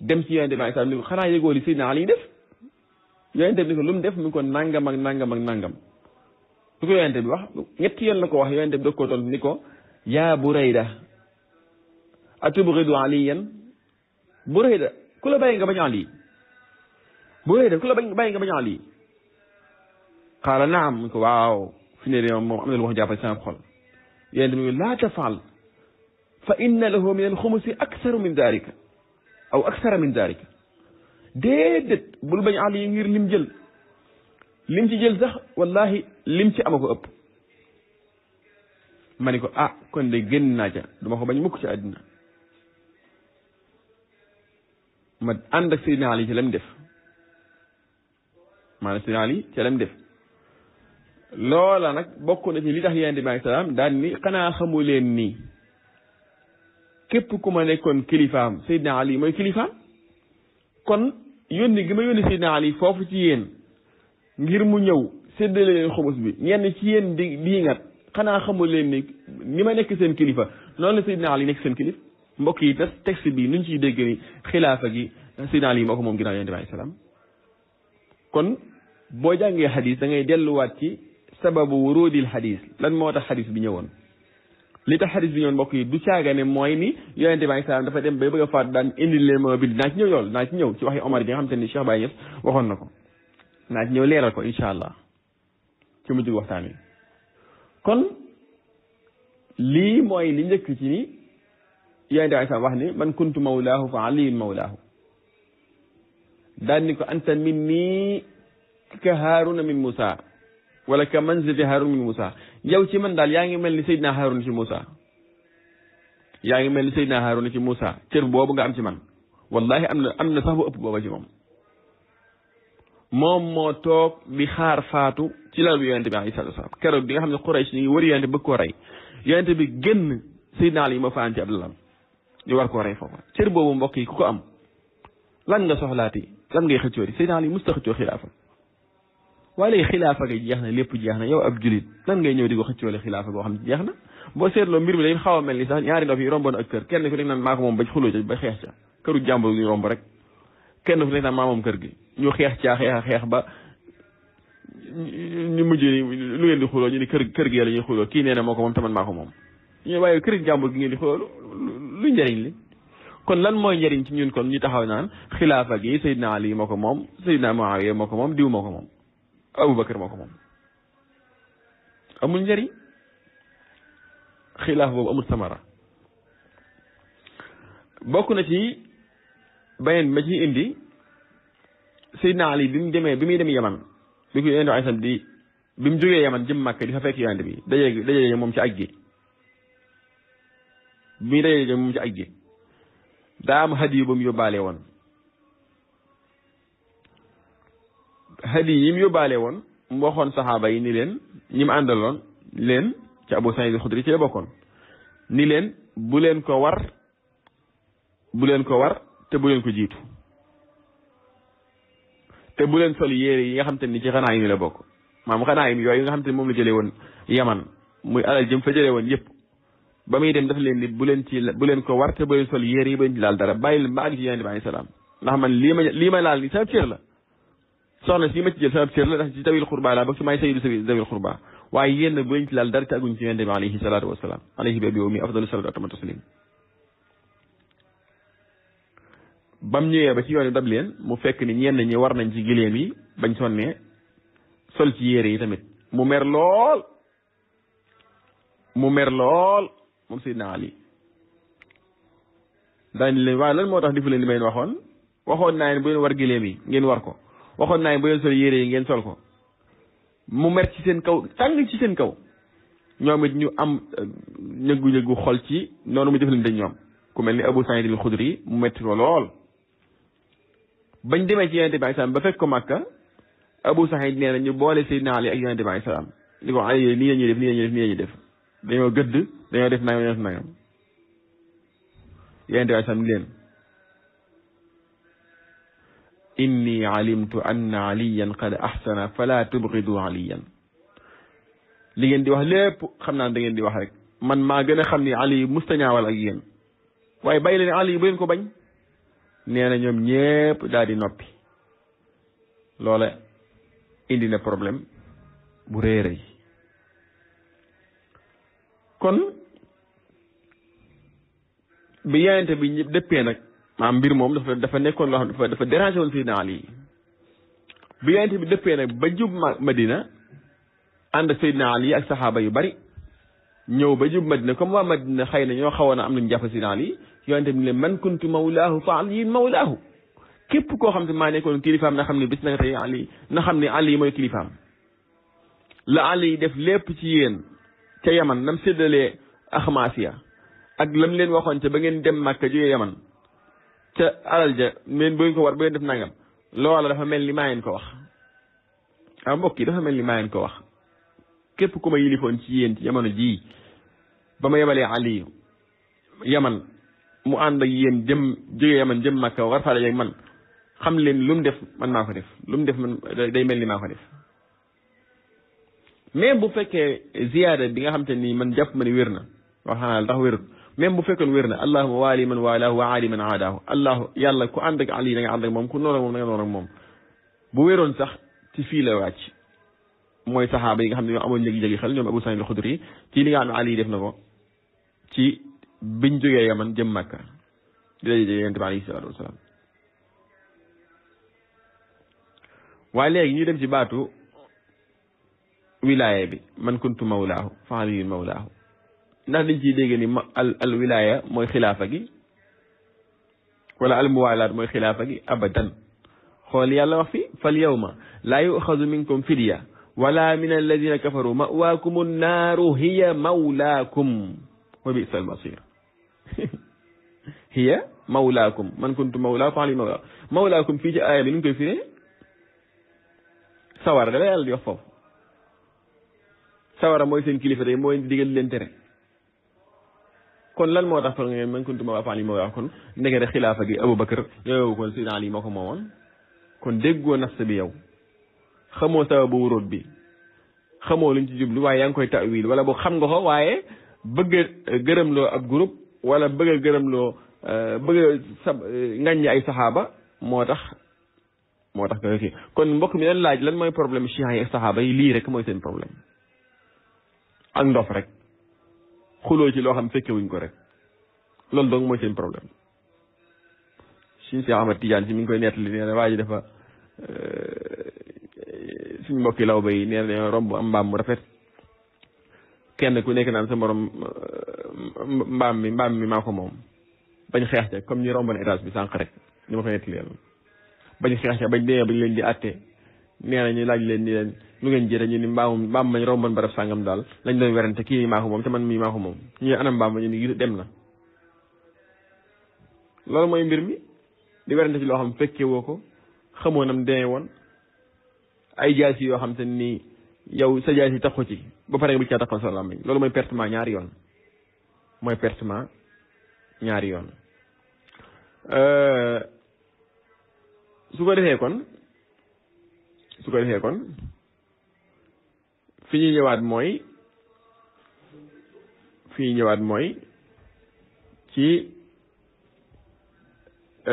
dem ci yonente bi alayhi salaam ni xanaa yëgoo li Seydina Ali def yonente bi ni ko lu mu def mu ko nangam ak nangam ak nangam su bi wax ñetti yoon la ko wax yonente bi doog koo tontu ni ko yaa Burayda atubghidu aliyan Burayda ku la bàyyi nga bañ Ali boo nee def ku la bañ bàyyi bañ a lii naam mu ko waaw fi ne de moom am na lu wax jàppal sama xol yéen tamit laa tafaal fa inna lahu min min dalika aw min dalika déedéet bul bañ àll yi ngir lim jël lim ci jël sax wallahi lim ci ama ko ëpp ma ko ah kon de génn naa ca duma ko bañ mukk ci àddina ma ànd ak Seydina Ali ci lam def maanaam Seydina Ali ca lam def loola nag bokk na ci li tax yonent bi alayhi salaam daan ni xanaa xamu leen nii képp ku ma nekkoon kilifaam Seydina Ali mooy kilifaam kon yónni gi ma yónni Seydina Ali foofu ci yéen ngir mu ñëw séddale leen xumus bi ñenn ci yéen di diingat xanaa xamu leen ni ni ma nekk seen kilifa noonu la Seydina Ali nekk seen kilifa mbokk yi tas texte bi nuñ ciy dégg ni xilaafa gi Seydina Ali moo ko moom ginnaaw yonent bi alayhi salaam kon boo jàngee xadis da ngay delluwaat ci sababu wurudil xadis lan moo tax xadis bi ñëwoon li tax xadis bi ñëwoon mbokk yi du caaga ne mooy ni yonente bi alayhi salaam dafa dem ba bëgg a indi leen ma bind naa naa ñëw ci waxi Omar gi nga xam te ni Cheikh Baye Niass waxoon na ko naa ci ñëw leeral ko incha allah ci waxtaan wi kon lii mooy li njëkk ci ni yonente bi alayhi salaam wax ni man kuntu mawlaahu fa aliyun mawlaahu daan ni ko anta min nii ka haaruna min Moussa wala ka manzili haaruna min Moussa yow ci man daal yaa ngi mel ni Seydina Haaruna ci Moussa yaa ngi mel ni Seydina Haaruna ci musa cër boobu nga am ci man wallahi am na am na sax bu ëpp booba ci moom moom moo toog bi xaar faatu ci lal bi yonente bi alayhi salatu wasalam keroog bi nga xam ne Quraysh ñu ngi wër yonente bëgg koo bi génn Seydina Ali ma faan ci ab lalam ñu war koo rey foofa cër boobu mbokk yi ku ko am lan nga soxlaati lan ngay xëccoori Seydina Ali musta xëccoo xilaafa waaye léegi xilaafa gi jeex na lépp jeex na yow ab julit nan ngay ñëw di ko xëcc wala xilaafa goo xam ne jeex na boo seetloo mbir mi day xaw a mel ni sax ñaari ndox yi romboon ak kër kenn ku nekk naan maa ko moom ba xuloo maa moom kër gi ñu xeex caa xeex ba ñu mujj lu ngeen ñu ni kër gi yàlla ñuy xuloo kii nee na moo ko moom taman maa ko moom waaye këri jàmbur gi ngeen di xuloo lu njëriñ li kon lan mooy njëriñ ci ñun kon ñu taxaw naan xilaafa gi Seydina Ali moo ko moom Seydina Muawiya moo ko moom diw moo ko moom Aboubacar moo ko moom amul njëriñ xilaaf boobu amul samara bokk na ci beneen ma ci indi Seydina Ali bi mu jëmee bi muy dem Yaman bi ko bi mu jógee Yaman jëm Màkka di fa fekk yonent bi daje daje moom ci aj gi bi muy daje moom ci aj gi daa am hadiyu ba mu yóbbaale woon hadi yim yóbbaale woon mu waxoon saxaaba yi ni leen ñi mu àndaloon leen ci Abu Saïd Xudri ci la bokkoon ni leen bu leen ko war bu leen ko war te bu leen ko jiitu te bu leen sol yére yi nga xam te ni ci xanaa yi la bokk maam xanaa yi yooyu nga xam te moom la jëlee woon yaman muy alal jëm fa jëlee woon yëpp ba muy dem daf leen nit bu leen ci bu leen ko war te bu leen sol yére yi ba ñu ci laal dara bàyyil ma ci yeneen bi alayhi salaam ndax man lii ma lii la soxna si ma ci jël sama cër la ndax ci dawil xurba laa bokk ci maay sayidu sabi dawil xurba waaye yénn buñ ci laal dara ci aguñ ci yonent bi alayhi salaatu wasalaam alayhi bi umi bam ñëwee ba ci yoon wi dab leen mu fekk ni ñenn ñi war nañ ci gileem yi bañ sonnee sol ci yére yi tamit mu mer lool mu mer lool moom Seydina Ali daañu leen waaye lan moo tax defu leen li may waxoon waxoon naa leen bu leen war gileem yi ngeen war ko waxoon naa bu leen sol yére yi ngeen sol ko mu mer ci seen kaw tàng ci seen kaw ñoom it ñu am ñëggu-ñëggu euh, xol ci noonu mu def jëflante ñoom ku mel ni Abu Saïd al Xudri mu metti ko lool bañ demee ci yonente bi ba fekk ko Màkka Abu Saïd nee na ñu boole si Ali ak yonente bi alayhi salaam li ko Ali nii def nii la def nii la def dañoo gëdd dañoo def nangam dañoo def nangam yonente bi alayhi salaam leen inni alimtu anna aliyan qad ahsana fala tubghidu aliyan li ngeen di wax lépp xam naa da ngeen di wax rek man maa gën xam ni ali musta ñaawal ak yéen waaye bàyyi leen ali bu leen ko bañ nee ñoom ñépp daal di noppi loola indi na problème bu rëy rëy kon bi yaayante bi ñëpp dëppee nag maam mbir mom dafa dafa nekkon lo xam dafa dafa dérangé woon Seydina Ali bi yent bi deppé nak ba djub Madina ànd ak Ali ak sahaba yu bari ñëw ba djub Madina comme wa Madina xeyna na ñoo xawoon am luñu jafa Seydina Ali yent bi ne man kuntu mawlahu fa ali mawlahu kep ko xam ma nekkon nekkoon kilifaam na xam bis na tay Ali na xam ne Ali mooy kilifaam la Ali def lépp ci yéen ca Yaman nam séddalee axmaasiya ak lam leen waxon ci ba ngeen dem Màkka ju Yaman ca alal ja meen bu ko war bu ngeen def nangam loola dafa mel ni maa ngeen ko wax ah mbokk yi dafa mel ni maa ngeen ko wax képp ku ma yilifoon ci yéen ci jamono jii ba ma yebalee Aliou yaman mu ànd ak yéen jëm jógee yaman jëm Makka war faa dajeeg man xam leen lu mu def man maa def lu mu def man day mel ni maa def mais bu fekkee ziyaada bi nga xam te ni man jàpp ma ni wér na wax naa la tax wérut même bu fekkoon wér na allahuma waali man waalaahu wa aali man aadaahu allahu yàlla ku ànd ak ali da nga ak moom ku noor ak moom da nga noor moom bu wéroon sax ci fii la wàcc mooy saxaaba yi nga xam ne ñoo amoon njëgi-njëgi xel ñoom abu saïd al xudri ci li nga xam ali def na ko ci biñ jógee yaman jëm màkka di la léegi ñu dem ci baatu wilaaya bi man kuntu mawlaahu fa aliyun mawlaahu ndax dañ ciy dégg ni al al wilaya mooy xilaafa wala al mooy xilaafa gi abadan xool yàlla wax fi fal yawma laa yuxazu minkum fidya wala min alladina kafaru mawaakum annaaru hiya mawlaakum wa bisa almasir hiya mawlaakum man kuntu mawlaa fa mawlaakum fii ci aaya bi nu koy firee sawara da la yàlla di sawara mooy seen kilifa day mooy kon lan moo tax kon ngeen man kuntu kon ndegere xilaafa gi Aboubacar yow kon Seydina Ali ko moomoon kon déggoo nafs bi yow xamoo sababu wuróot bi xamoo luñ ci jublu yaa ngi koy tawil wala boo xam nga ko waaye bëgg a gërëmloo ab wala bëgg a gërëmloo euh, bëgg a euh, ay saxaaba moo tax moo tax kii kon mbokk mi lan laaj lan mooy problème chiites yi saxaaba yi lii rek mooy seen problème ak ndof rek xuloo ci loo xam fekke wuñ ko rek loolu donc mooy seen problème suñ si Ahmad Tidiane si mi ngi koy nettali nee na waa ji dafa euh, suñ mbokki law bay nee na romb am mbaam mu rafet kenn ku nekk naan sa morom euh, mbaam mi mbaam mi maa moom bañ xeex ca comme ñi romb na bi sànq rek ñu ma koy nettali bañ xeex ca bañ demee bañ leen di àtte nee na ñu laaj leen ni leen lu ngeen jëre ñu ni mbaam mbaam mañ romboon barab sàngam daal lañ doon werante kii maaxu moom te man mii maaxu moom ñu anam mbaam ma ñu ni dem na loolu mooy mbir mi li werante ci loo xam fekke woo ko xamoonam demee woon ay jaas yoo xam te ni yow sa jaas yi taxu ci ba pare nga bi caa taxoon sa làmmiñ loolu mooy pertement ñaari yoon mooy pertement ñaari yoon euh, su ko defee kon su ko defee fi ñuy ñëwaat mooy fi ñëwaat mooy ci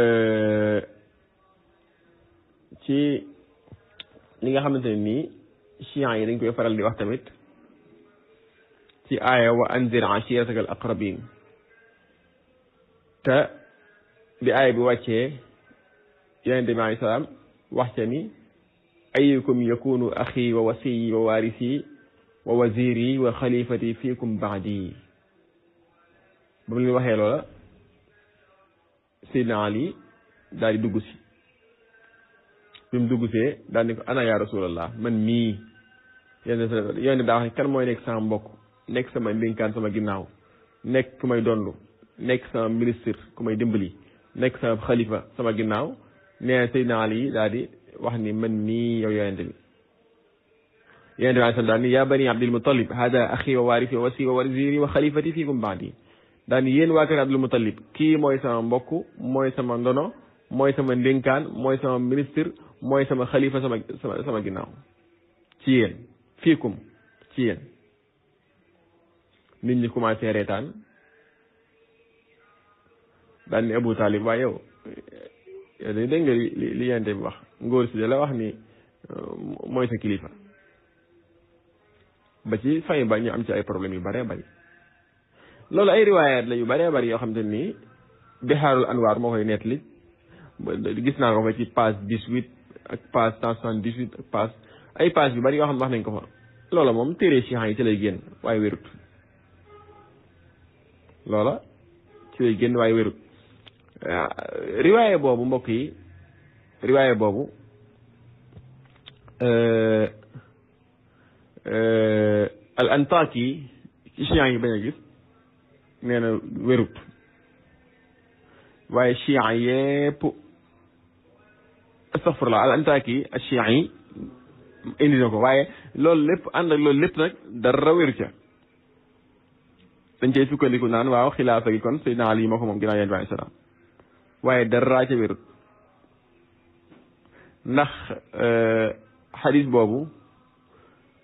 euh, ci li nga xamante ne nii chiites yi dañ koy faral di wax tamit ci aaya wa anzir ashirataka al aqrabin te bi aaya bi wàccee yonente bi alayhi salaam wax ayukum yakunu axi wa wasiyi wa waarisi wa waziri wa xalifati fiikum baadi ba mu leen waxee loola Seydina Ali daal di dugg si bi mu dugg see daal di ko ana yaa rasulallah man mii yéen yéen daa wax kan mooy nekk sama mbokk nekk sama mbinkaan sama ginnaaw nekk ku may dondu nekk sama ministre ku may dimbali nekk sama xalifa sama ginnaaw nee Seydina Ali daal di. wax ni man mii yow yonente bi yonente bi aleyhi salaam daal ni yaa bani abdul mutalib hada axi wa waarisi wa wasi wa waziri wa xalifati fiikum baadi daal ni yéen waa kër abdul mutalib kii mooy sama mbokk mooy sama ndono mooy sama ndénkaan mooy sama ministre mooy sama xalifa sama sama sama ginnaaw ci yéen fiikum ci yéen nit ñi commencé reetaan daal ni abou talib waaye yow yow dañu dégg nga li li yonente bi wax ngóor si de la wax ni euh, mooy sa kilifa ba ci fay ba ñu am ci ay problème yu baree bari loolu ay riwaayaat la yu baree bari yoo xam ni nii Bihaarul Anwaar moo koy nettali gis naa ko fa ci page dix-huit ak page cent soixante-dix-huit ak page ay page yu bari yoo xam ne wax nañ ko fa loola moom téere sihan yi ci lay génn waaye wérut loola ci lay génn waaye wérut riwaaye boobu mbokk yi riwaaye boobu euh, euh, al antaaki ci chiyan yi bañ a gis nee na wérut waaye chiyan yépp astaghfirullah al antaaki ak chiyan yi indi ko waaye loolu lépp ànd ak loolu lépp nag dara wéru ca dañ cey sukkandiku naan waaw xilaafa gi kon Seydina Ali moo ko moom ginnaaw yonent bi alayhi salaam waaye dara ca wérut ndax euh, xadis boobu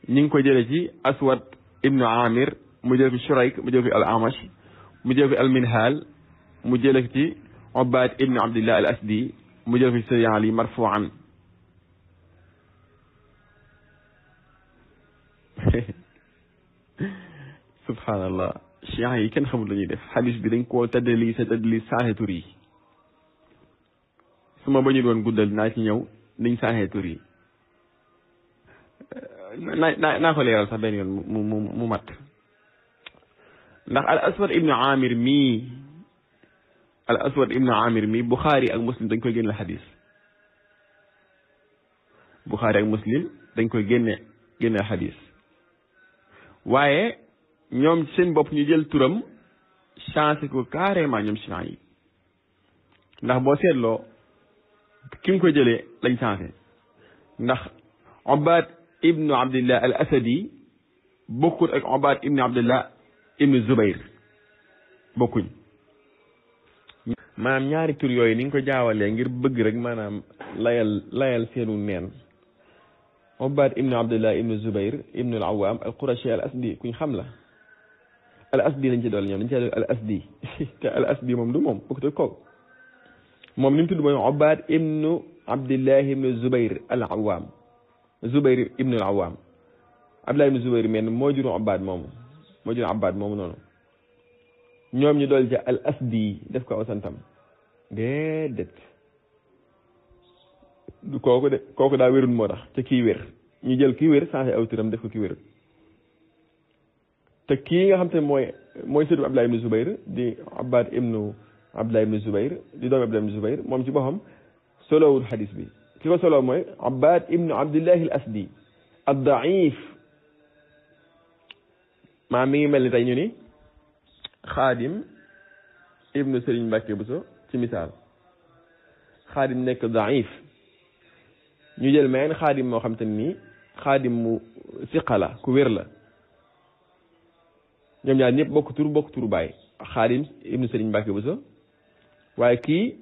ñi ngi ko jële ci aswad ibnu amir mu jële fi shurayk mu jële fi al amash mu jële fi al minhal mu jële ci عباد ابن عبد الله الأسدي مجرد في سيدنا علي مرفوعا سبحان الله شيعي كان خمر لني دف حديث بلين كو تدلي ستدلي ساهتوري ثم بني دون قدل ناتي نيو niñ saaxee tur yi naa naa ko leeral sax benn yoon mu mu mu mat ndax al aswad ibnu amir mii al aswad buxaari ak muslim dañ koy génne xadis buxaari ak muslim dañ koy génne ak xadis waaye ñoom seen bopp ñu jël turam changé ko carrément ñoom chiites yi ndax boo seetloo ki nga ko jëlee lañ changé ndax Ubaad ibnu Abdillah al Asadi bokkut ak Ubaad ibnu Abdillah ibnu Zubayr bokkuñ maanaam ñaari tur yooyu ni nga ko jaawalee ngir bëgg rek maanaam layal layal seenu neen Ubaad ibnu Abdillah ibnu Zubayr ibnu al Awaam al Qurashi al Asdi kuñ xam la al Asdi lañ ci dool ñoom dañ al Asdi te al moom du moom bokkut ak moom li mu tudd mooy Ubaad ibnu Abdillahi ibnu Zubair al Awaam Zubair ibnu al Awaam Abdillahi ibnu Zubair men moo jur Ubaad moomu moo jur Abaad moomu noonu ñoom ñu dool ca al asdi def ko aw santam déedéet du kooku de kooku daa wérul moo tax te kii wér ñu jël kii wér changé aw turam def ko kii wér te kii nga xam te mooy mooy sëtu Abdullah ibnu Zubayr di Abbad ibnu abdullah ibn zubair di doomi abdullah ibn zubair moom ci boppam solowul xadis bi ki ko solo mooy abbad ibnu abdillahi al asdi ad daif maa mi ngi mel ni tey ñu ni xaadim ibnu sëriñ mbàkke buso ci misaal xaadim nekk daif ñu jël meen xaadim moo xam te ni xaadim mu siqa la ku wér la ñoom ñaar ñëpp bokk tur bokk tur bàyyi xaadim ibnu sëriñ mbàkke buso waaye kii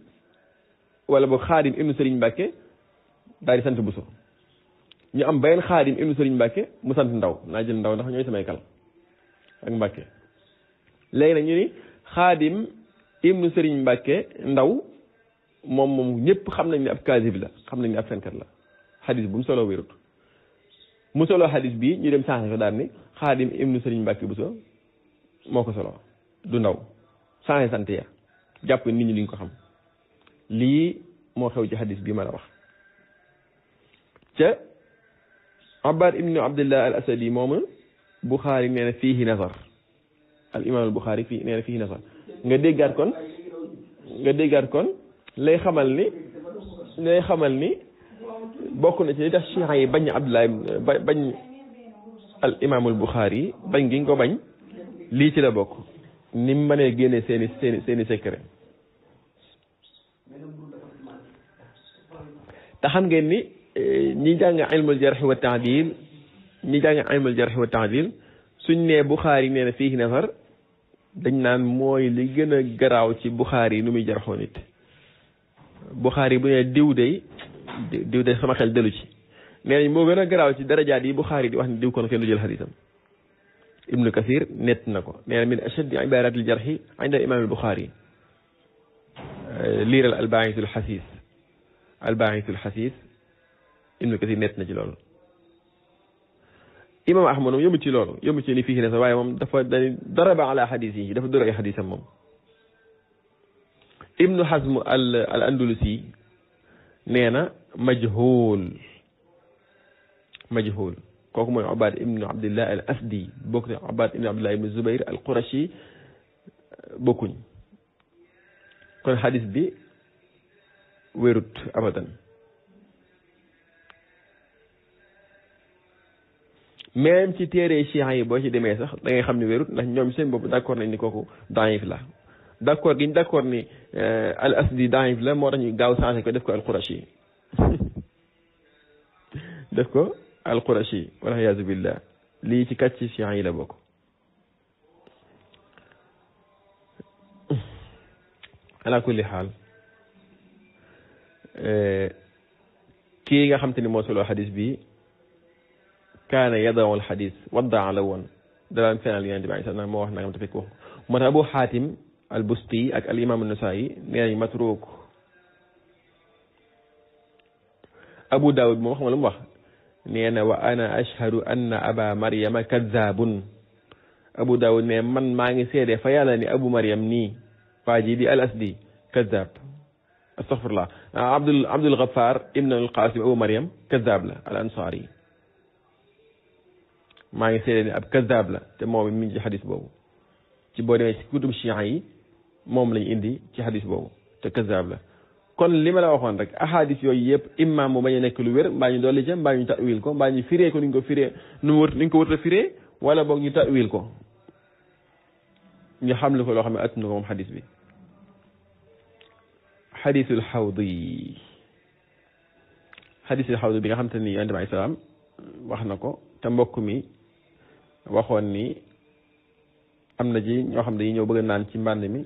walla boo xaadim ibnu Sëriñ Mbàkke daal sant Buso ñu am beneen xaadim ibnu Sëriñ Mbàkke mu sant Ndaw naa jël Ndaw ndax ñooy samay kal ak Mbàkke léegi nag ñu ni xaadim ibnu Sëriñ Mbàkke Ndaw moom moom ñëpp xam nañ ni ab kaasib la xam nañ ne ab fenkat la xadis bu mu solo wérut mu solo xadis bii ñu dem sange ko daal ni xaadim ibnu Sëriñ Mbàkke Buso moo ko solo du Ndaw changé sant ya jàpp ni ñi duñ ko xam lii moo xew ci xadis bi ma la wax ca Abbaad ibnu Abdillah al Asadi moomu Buxaari nee na fiihi nazar al imaam al Buxaari fii nee na fiihi nazar nga déggaat kon nga déggaat kon lay xamal ni lay xamal ni bokk na ci li tax chiites yi bañ Abdullah bañ al imaamul Buxaari bañ giñ ko bañ lii ci la bokk ni mu mënee génne seeni seeni seeni secret تخم غي ني ني جان علم الجرح والتعديل ني جان علم الجرح والتعديل سن ني بخاري ننا فيه نفر دنج نان موي لي غنا غراو سي بخاري نومي جرحو نيت بخاري بو ني ديو دي ديو دي سما خيل دلو ابن كثير نت نكو نيل من اشد عبارات الجرح عند امام البخاري لير الالباني في الحثيث الباحث الحثيث ابن كثير نت نجي امام احمد يوم تي يوم تي فيه نسا واي مام دافا ضرب على حديثه دافا دور اي حديث مام ابن حزم الاندلسي نينا مجهول مجهول كوكو عباد ابن عبد الله الاسدي بوك عباد ابن عبد الله بن الزبير القرشي بوكو كون حديث بي wérut abadan même ci téere chiites yi boo ci demee sax dangay xam ne wérut ndax ñoom seen bopp d' nañ ni kooku daif la d' accord gi ñu d' ni euh, al asdi daif la moo tax gaaw changé ko def ko al qurashi def ko al qurashi wala yaazu billah lii ci kàcc chiites yi la bokk ala kulli xaal كي خمتني موسى الحديث بي كان يضع الحديث وضع لون دلان فين اللي عندي بعيسى نعم واحد نعم تفكوه من أبو حاتم البستي أك الإمام النسائي نعم متروك أبو داود مو خمال مو نعم وأنا أشهد أن أبا مريم كذاب أبو داود نعم من ما نسيري فيالني أبو مريم ني فاجي دي الأسدي كذاب astaghfirullah ah, abdul abdul ghaffar ibn al qasim abu mariam kazab la al ansaari yi maa ngi seede ne ab kazab te moom mi ngi ci xadis boobu ci boo demee ci kutub chiites yi moom lañu indi ci xadis boobu te kazab la kon li ma la waxoon rek ahadis yooyu yëpp imam mu bañ a nekk lu wér mbaa ñu dolli ca mbaa ñu tawil ko mbaa ñu firee ko ni ñu ko firee nu mu ñu ko wër a firee wala boog ñu tawil ko ñu xam lu ko loo xam ne attuna ko moom xadis bi xadisul xawdi xadisul xawdi bi nga xam ni yonent bi alayhi salaam wax na ko te mbokk mi waxoon ni am na ji ñoo xam ne dañuy ñëw bëgg naan ci mbànd mi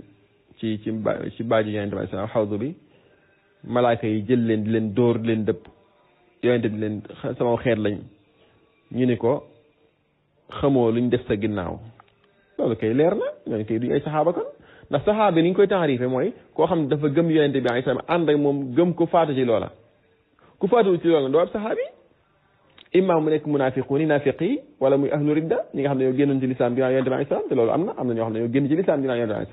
ci ci ci baaji yonent bi salaam bi malaaka yi jël leen di leen dóor di leen dëpp yonent leen sama xeet lañ ñu ni ko xamoo luñ def sa ginnaaw loolu kay leer na ñooñu kay duñ ay saxaaba kon ndax saxaabi ni ñu koy taarifé mooy koo xam ne dafa gëm yonente bi alayhi salaam ànd ak moom gëm ko faatu ci loola ku faatu ci loola doo ab saxaabi imam mu nekk munafiquun yi nafiq yi wala muy ahlu ridda ñi nga xam ne ñoo génnoon ci lislaam ginnaaw am na am na ñoo xam ne ñoo génn ci lislaam ginnaaw yonente bi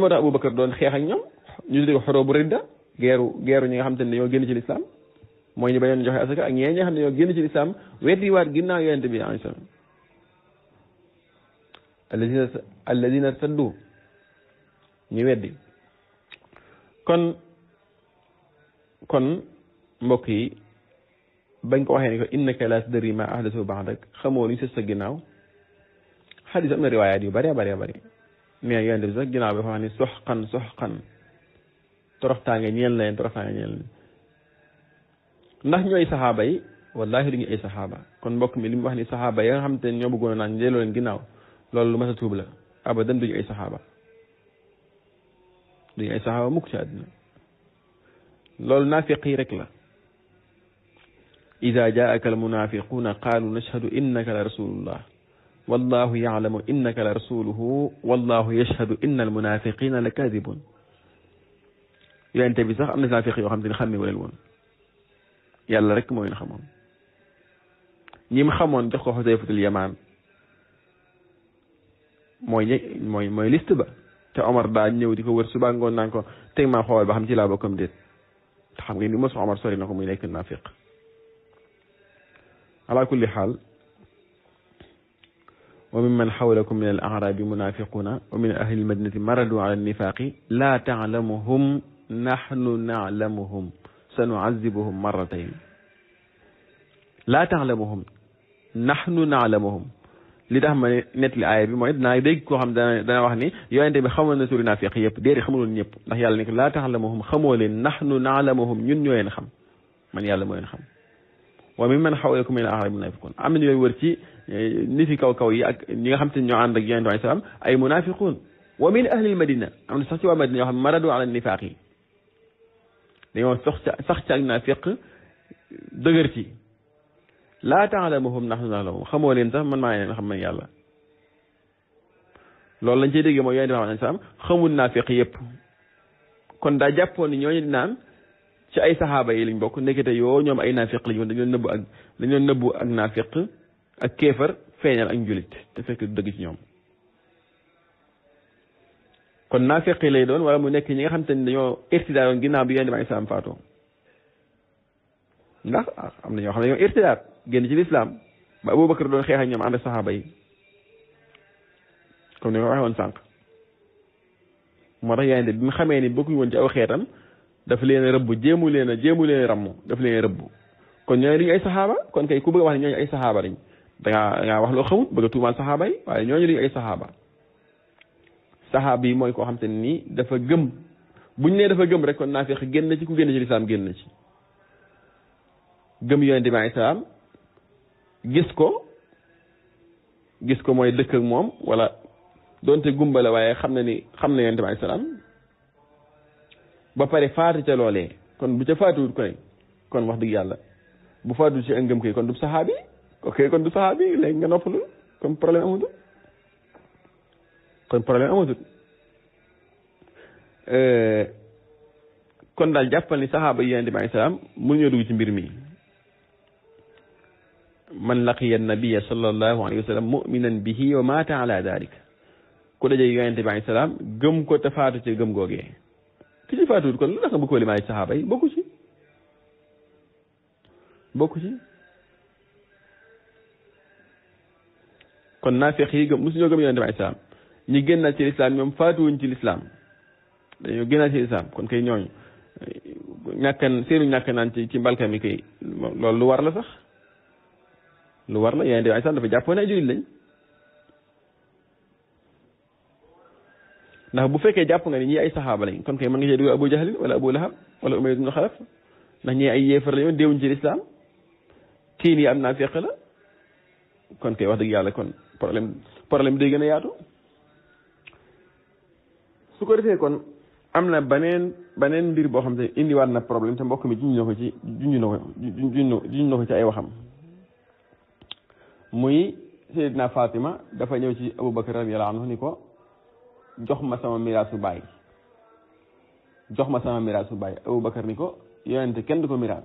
moo tax Aboubacar doon xeex ak ñoom ñu tuddee ko ridda geeru geeru ñi nga xam te ne dañoo génn ci lislaam mooy ñu bañoon joxe asaka ak ñee ñi nga xam ne ñoo génn ci lislaam wetti waat ginnaaw yonente bi alayhi salaam alladina ñu weddi kon kon mbokk yi bañ ko waxee ne ko innaka laa tadri ma ahdasu ba'dak xamoo li sës sa ginnaaw xadis am na riwaayaat yu bëree bëree bëri mais yonent bi sax ginnaaw bi dafa wax ne soxqan ñeel na leen toroxtaange ñeel na leen ndax ñu ay saxaaba yi wallahi du ñu ay saxaaba kon mbokk mi li mu wax ni saxaaba yi nga xam te ne ñoo bëggoon naa njëloo leen ginnaaw loolu lu mas a tuub la abadan du ñu ay saxaaba li isa hawa mukk ci àdduna loolu naafiq إذا جاءك المنافقون قالوا نشهد إنك لرسول الله والله يعلم إنك لرسوله والله يشهد إن المنافقين لكاذبون يا أنت بصح أم نزافيقي وخمسين خمي ولا الون يلا ركموا وين خمون نيم خمون دخو حذيفة اليمن موي موي موي ليست بقى te Omar da ñëw diko ko wër suba ngoon naan ko teg maa xool ba xam ci la bokkam déet xam ngeen ni mos Omar sori nako muy nek nafiq ala kulli hal wa mimman xawlakum min al arabi munafiquna wa min ahli al madinati maradu ala nifaqi laa taalamuhum nahnu naalamuhum sanuazibuhum marratayn laa taalamuhum nahnu naalamuhum li tax ma nettali aaya bi moy dina deg ko xam dana dana wax ni yoyante bi xamul na suri naafiq yëpp déedéet xamuloon ñep ndax yàlla nek la ta'lamuhum xamul len nahnu na'lamuhum ñun ñoy len xam man yàlla moy len xam wa mimman hawaykum xawlakum min al-a'raabi am ñoy wër ci nifi kaw kaw yi ak ñi nga xam te ñoo ànd ak yoyante ay salam ay munafiqun wa min ahli al-madina am na sax ci wa madina yo xam maradu ala an-nifaqi dañu sax sax ci ak naafiq dëgër ci laa ta'lamuhum nahnu na'lamuhum xamoo leen sax man maa leen xam man yàlla loolu lañ cey déggee mooy yonent bi Muhammad sallallahu alayhi wasallam xamul naafiq yëpp kon daa jàppoon ni ñooñu naan ci ay saxaaba yi lañ bokk nekkete yoo ñoom ay naafiq lañ woon dañoo nëbbu ak dañoo nëbbu ak naafiq ak kéefar feeñal ak njulit te fekk dëgg ci ñoom kon naafiq lay doon wala mu nekk ñi nga xam te ni dañoo irtidaar woon ginnaaw bi yonent bi alayhi salaam faatoo ndax ah, am na ñoo xam ne dañoo irtidaar génn ci lislaam ba kër doon xeex ak ñoom ànd ak saxaaba yi comme ni ma waxee woon sànq moo tax yaayante bi mu xamee ni bokkuñu woon ci aw xeetam daf leen rëbb jéemu leen jéemu leen ràmm daf leen rëbb kon ñooñu duñu ay saxaaba kon kay ku bëgg a wax ne ñooñu ay saxaaba lañ dangaa dangaa wax loo xamut bëgg a tuumaal saxaaba yi waaye ñooñu duñu ay saxaaba saxaaba yi mooy koo xam te nii dafa gëm buñ nee dafa gëm rek kon naa feex génn ci ku génn ci lislaam génn ci gëm yonente bi gis ko gis ko mooy dëkk ak moom wala donte gumbale waaye xam na ni xam na yonent bi alayhi salaam ba pare faatu ca loolee kon bu ca faatuwut kon wax dëgg yàlla bu faatu ci ëngëm kay kon du saxaabi ok kon du saxaabi léegi nga noppalu kon problème amatul kon euh, kon daal jàppal ni saxaaba yi yonent bi alayhi salaam mënuñoo dugg ci mbir mi. man laqiya nabia sallallahu alayhi wa sallam muminan bihi wa maata ala dalik ku dajee yonente bi alayhi salaam gëm ko te faatu ci gëm googee ki ci faatuwut kon lu tax nga bëgg ko limaay saxaaba yi bokku ci bokku ci kon naafeq yi gëm mosuñoo gëm yonente bi alayhi salaam ñi génnaat ci lislaam ñoom faatuwuñ ci lislaam dañoo génnaat ci lislaam kon kay ñooñu ñàkkan seenu ñàkk naan ci ci mbalka mi kay loolu lu war la sax lu war la yonent bi alayhi salaam dafa jàppoon ay jullit lañ ndax bu fekkee jàpp nga ni ñii ay saxaaba lañ kon kay mën nga cee dugal Abu Jahl wala Abu Lahab wala Umayya ibn Xalaf ndax ñii ay yéefar lañu déewuñ ci lislaam tiin yi am naa feq la kon kay wax dëgg yàlla kon problème problème day gën a yaatu su ko defee kon am na beneen beneen mbir boo xam te indiwaat na problème te mbokk mi juñ na ko ci juñ na ko juñ na ci ay waxam muy Seydina Fatima dafa ñëw ci Aboubacar radiyallahu anhu ni ko jox ma sama miraasu baay jox ma sama miraasu baay Aboubacar ni ko yonente kenn du ko miraas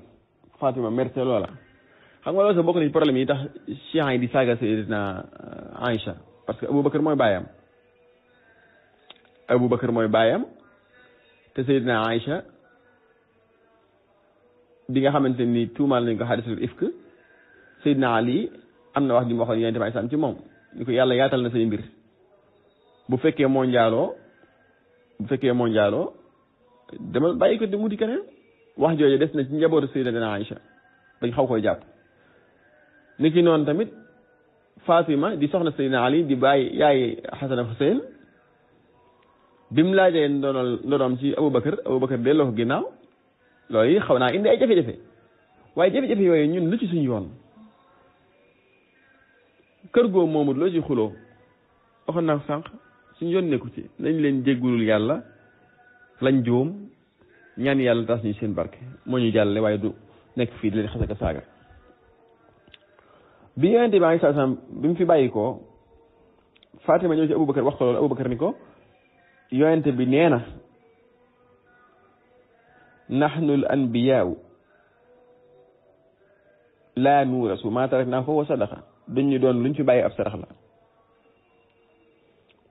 Fatima merci loola. xam nga loolu sax bokk nañu problème yi tax chiites yi di euh, parce que Aboubacar mooy baayam Aboubacar mooy baayam te Seydina Aïcha bi nga xamante ni tuumaal nañ ko xadisul ifk Seydina Ali. am na wax ju mu waxoon yonent bi ci moom ni ko yàlla yaatal na say mbir bu fekkee moo bu fekkee moo njaaloo demal di mu di keneen wax jooju des na ci njabootu Sayyidatuna dañ xaw koy jàpp ni ki noonu tamit Fatima di soxna Seydina Ali di bàyyi yaay bi mu laajee ndonol ndonoom ci Aboubacar Aboubacar delloo xaw naa indi ay jafe-jafe waaye jafe-jafe yooyu ñun lu ci suñu yoon kër goo moomut loo ci xuloo waxoon naa sànq suñu yoon nekku ci nañ leen jéggulul yàlla lañ juum ñaan yàlla tas ñu seen barke moo ñu jàllale waaye du nekk fii di leen xasaka saaga bi yonent bi alayhi salaam bi fi bàyyi ko Fatima ñëw ci ko loolu Aboubacar bi nee na nahnu l anbiyaau laa nuurasu maa taraknaa foofu wa sadaqa dañ ñu doon luñ fi bàyyi ab sarax la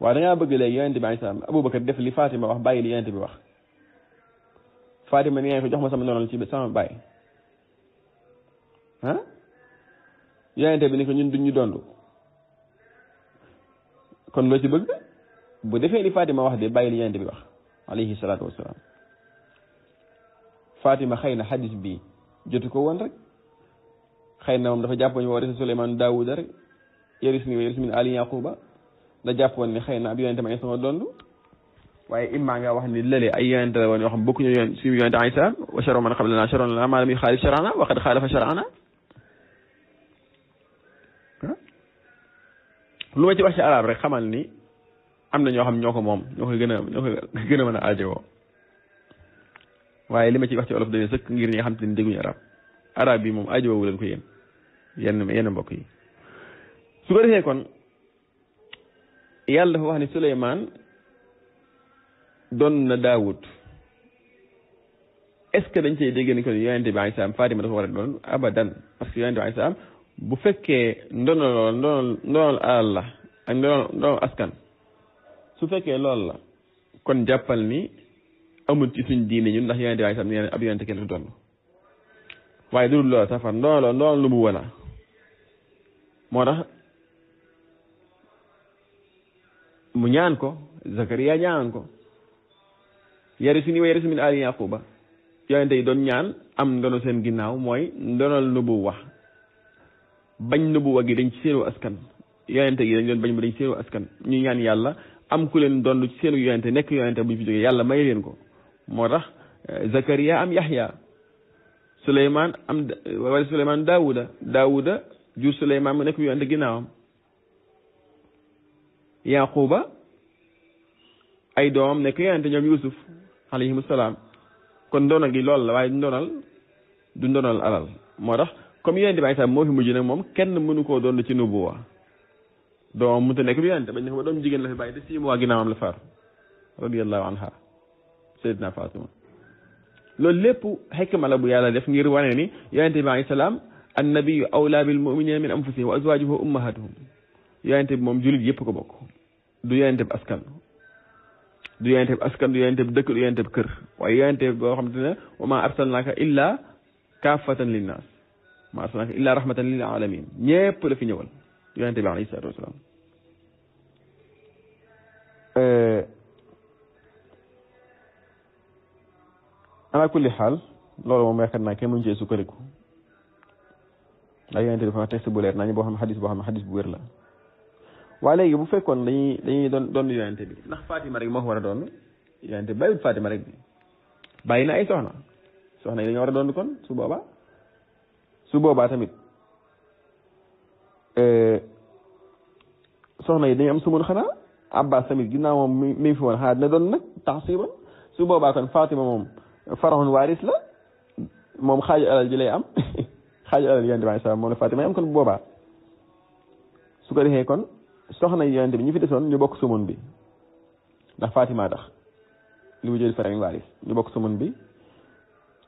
waaye dangaa bëgg léegi yonente bi alayhi salaam Abubakar def li Fatima wax bàyyi li yonente bi wax Fatima ni ko jox ma sama noonal ci sama bàyyi ah bi ni ñun duñ ñu dondu kon loo ci bëgg bu defee li Fatima wax de bàyyi li yonente bi wax alayhi salaatu wasalaam Fatima xëy na xadis bi jotu ko woon rek xëy na moom dafa jàppoon wa warisa Suleymaan Daawuda rek yaris ni wa yaris min ali yaquba da jàppoon ne xëy na ab yonente ma Iisaa ma dondu waaye imma nga wax ni lële ay yonente la woon yoo bokkuñu yoon si yonente Iisaa wa sharu man qablanaa sharun lanaa maa lam yuxaalif sharaana ci wax ci arab rek xamal ni am na ñoo xam ñoo ko moom ñoo ko gën a ñoo ko gën a waaye li ci wax ci olof doy sëkk ngir ñi nga xam te ni dégguñu arab araab yi moom aajowoowu leen ko yéen yenn yenn mbokk yi su ko defee yàlla dafa wax ne Suleymaan doon na Daawud est-ce dañ cey dégg ni kon yonente bi alayhi salaam Fatima dafa bu fekkee ndono lool ndono ndonol alal la ak ndono askan su fekkee loolu la kon jàppal ni amul ci suñ diine ñun ndax yonente bi alayhi salaam nee kenn doon waaye du loolu safar ndono la ndono lu bu wala moo tax mu ñaan ko Zakariya ñaan ko yarisuni wa yarisu min aali yaquba yonente yi doon ñaan am ndono seen ginnaaw mooy ndonal nubu wax bañ nubu wa gi dañ ci seenu askan yonente gi dañ doon bañ ba dañ ci seenu askan ñu ñaan yàlla am ku leen donn ci seenu yonente nekk yonente bu fi jógee yàlla may leen ko moo tax eh, Zakariya am Yaxya Souleymane am wala Souleymane Daouda Daouda jur Souleymane mu nekk yonent ginnaawam Yaquba ay doomam nekk yonent ñoom Yusuf alayhimu salaam kon ndono gi loolu la waaye du ndonal du ndonal alal moo tax comme yonent bi ay moo fi mujj nag moom kenn mënu koo doon ci nubuwa doomam mënut a nekk du yonent bañ ne ko ba doom jigéen la fi bàyyi te six ginnaawam la faatu radiyallahu anha loolu lépp xekma la bu yàlla def ngir wane ni yonente bi alayhi salaam annabiyu awlaa bil min anfusihim wa azwajuhu ummahatuhum yonente bi moom julit yëpp ko bokk du yonente bi askan du yonente bi askan du yonente dëkk du yonente bi kër waaye yonente bi boo xamante wa ma arsalnaka illa kaafatan linnaas ma arsalnaka illa rahmatan lil alamin ñëpp la fi ñëwal yonente bi alayhi salaatu ala kulli xaal loolu moom yaakaar naa kenn mënu cee sukkandiku ndax yonente bu leer nañu boo xam ne xadis boo xam ne bu wér la waaye léegi bu fekkoon dañuy dañuy doon doon yonente bi ndax Fatima rek moo ko a doon yonente bi bàyyiwul Fatima rek bi bàyyi na ay soxna soxna yi dañoo war a doon kon su boobaa boobaa tamit euh, soxna yi dañu am sumun xanaa Abbas tamit ginnaaw moom mi mi fi woon xanaa dina doon nag tax siiban su boobaa kon Fatima moom. faraxun waaris la moom xaaj alal ji lay am xaaj alal yonent bi alayhi salaam moom la Fatima am kon boobaa su ko defee kon soxna yonent bi ñu fi desoon ñu bokk sumun bi ndax Fatima tax li mu jël faraxun waaris ñu bokk sumun bi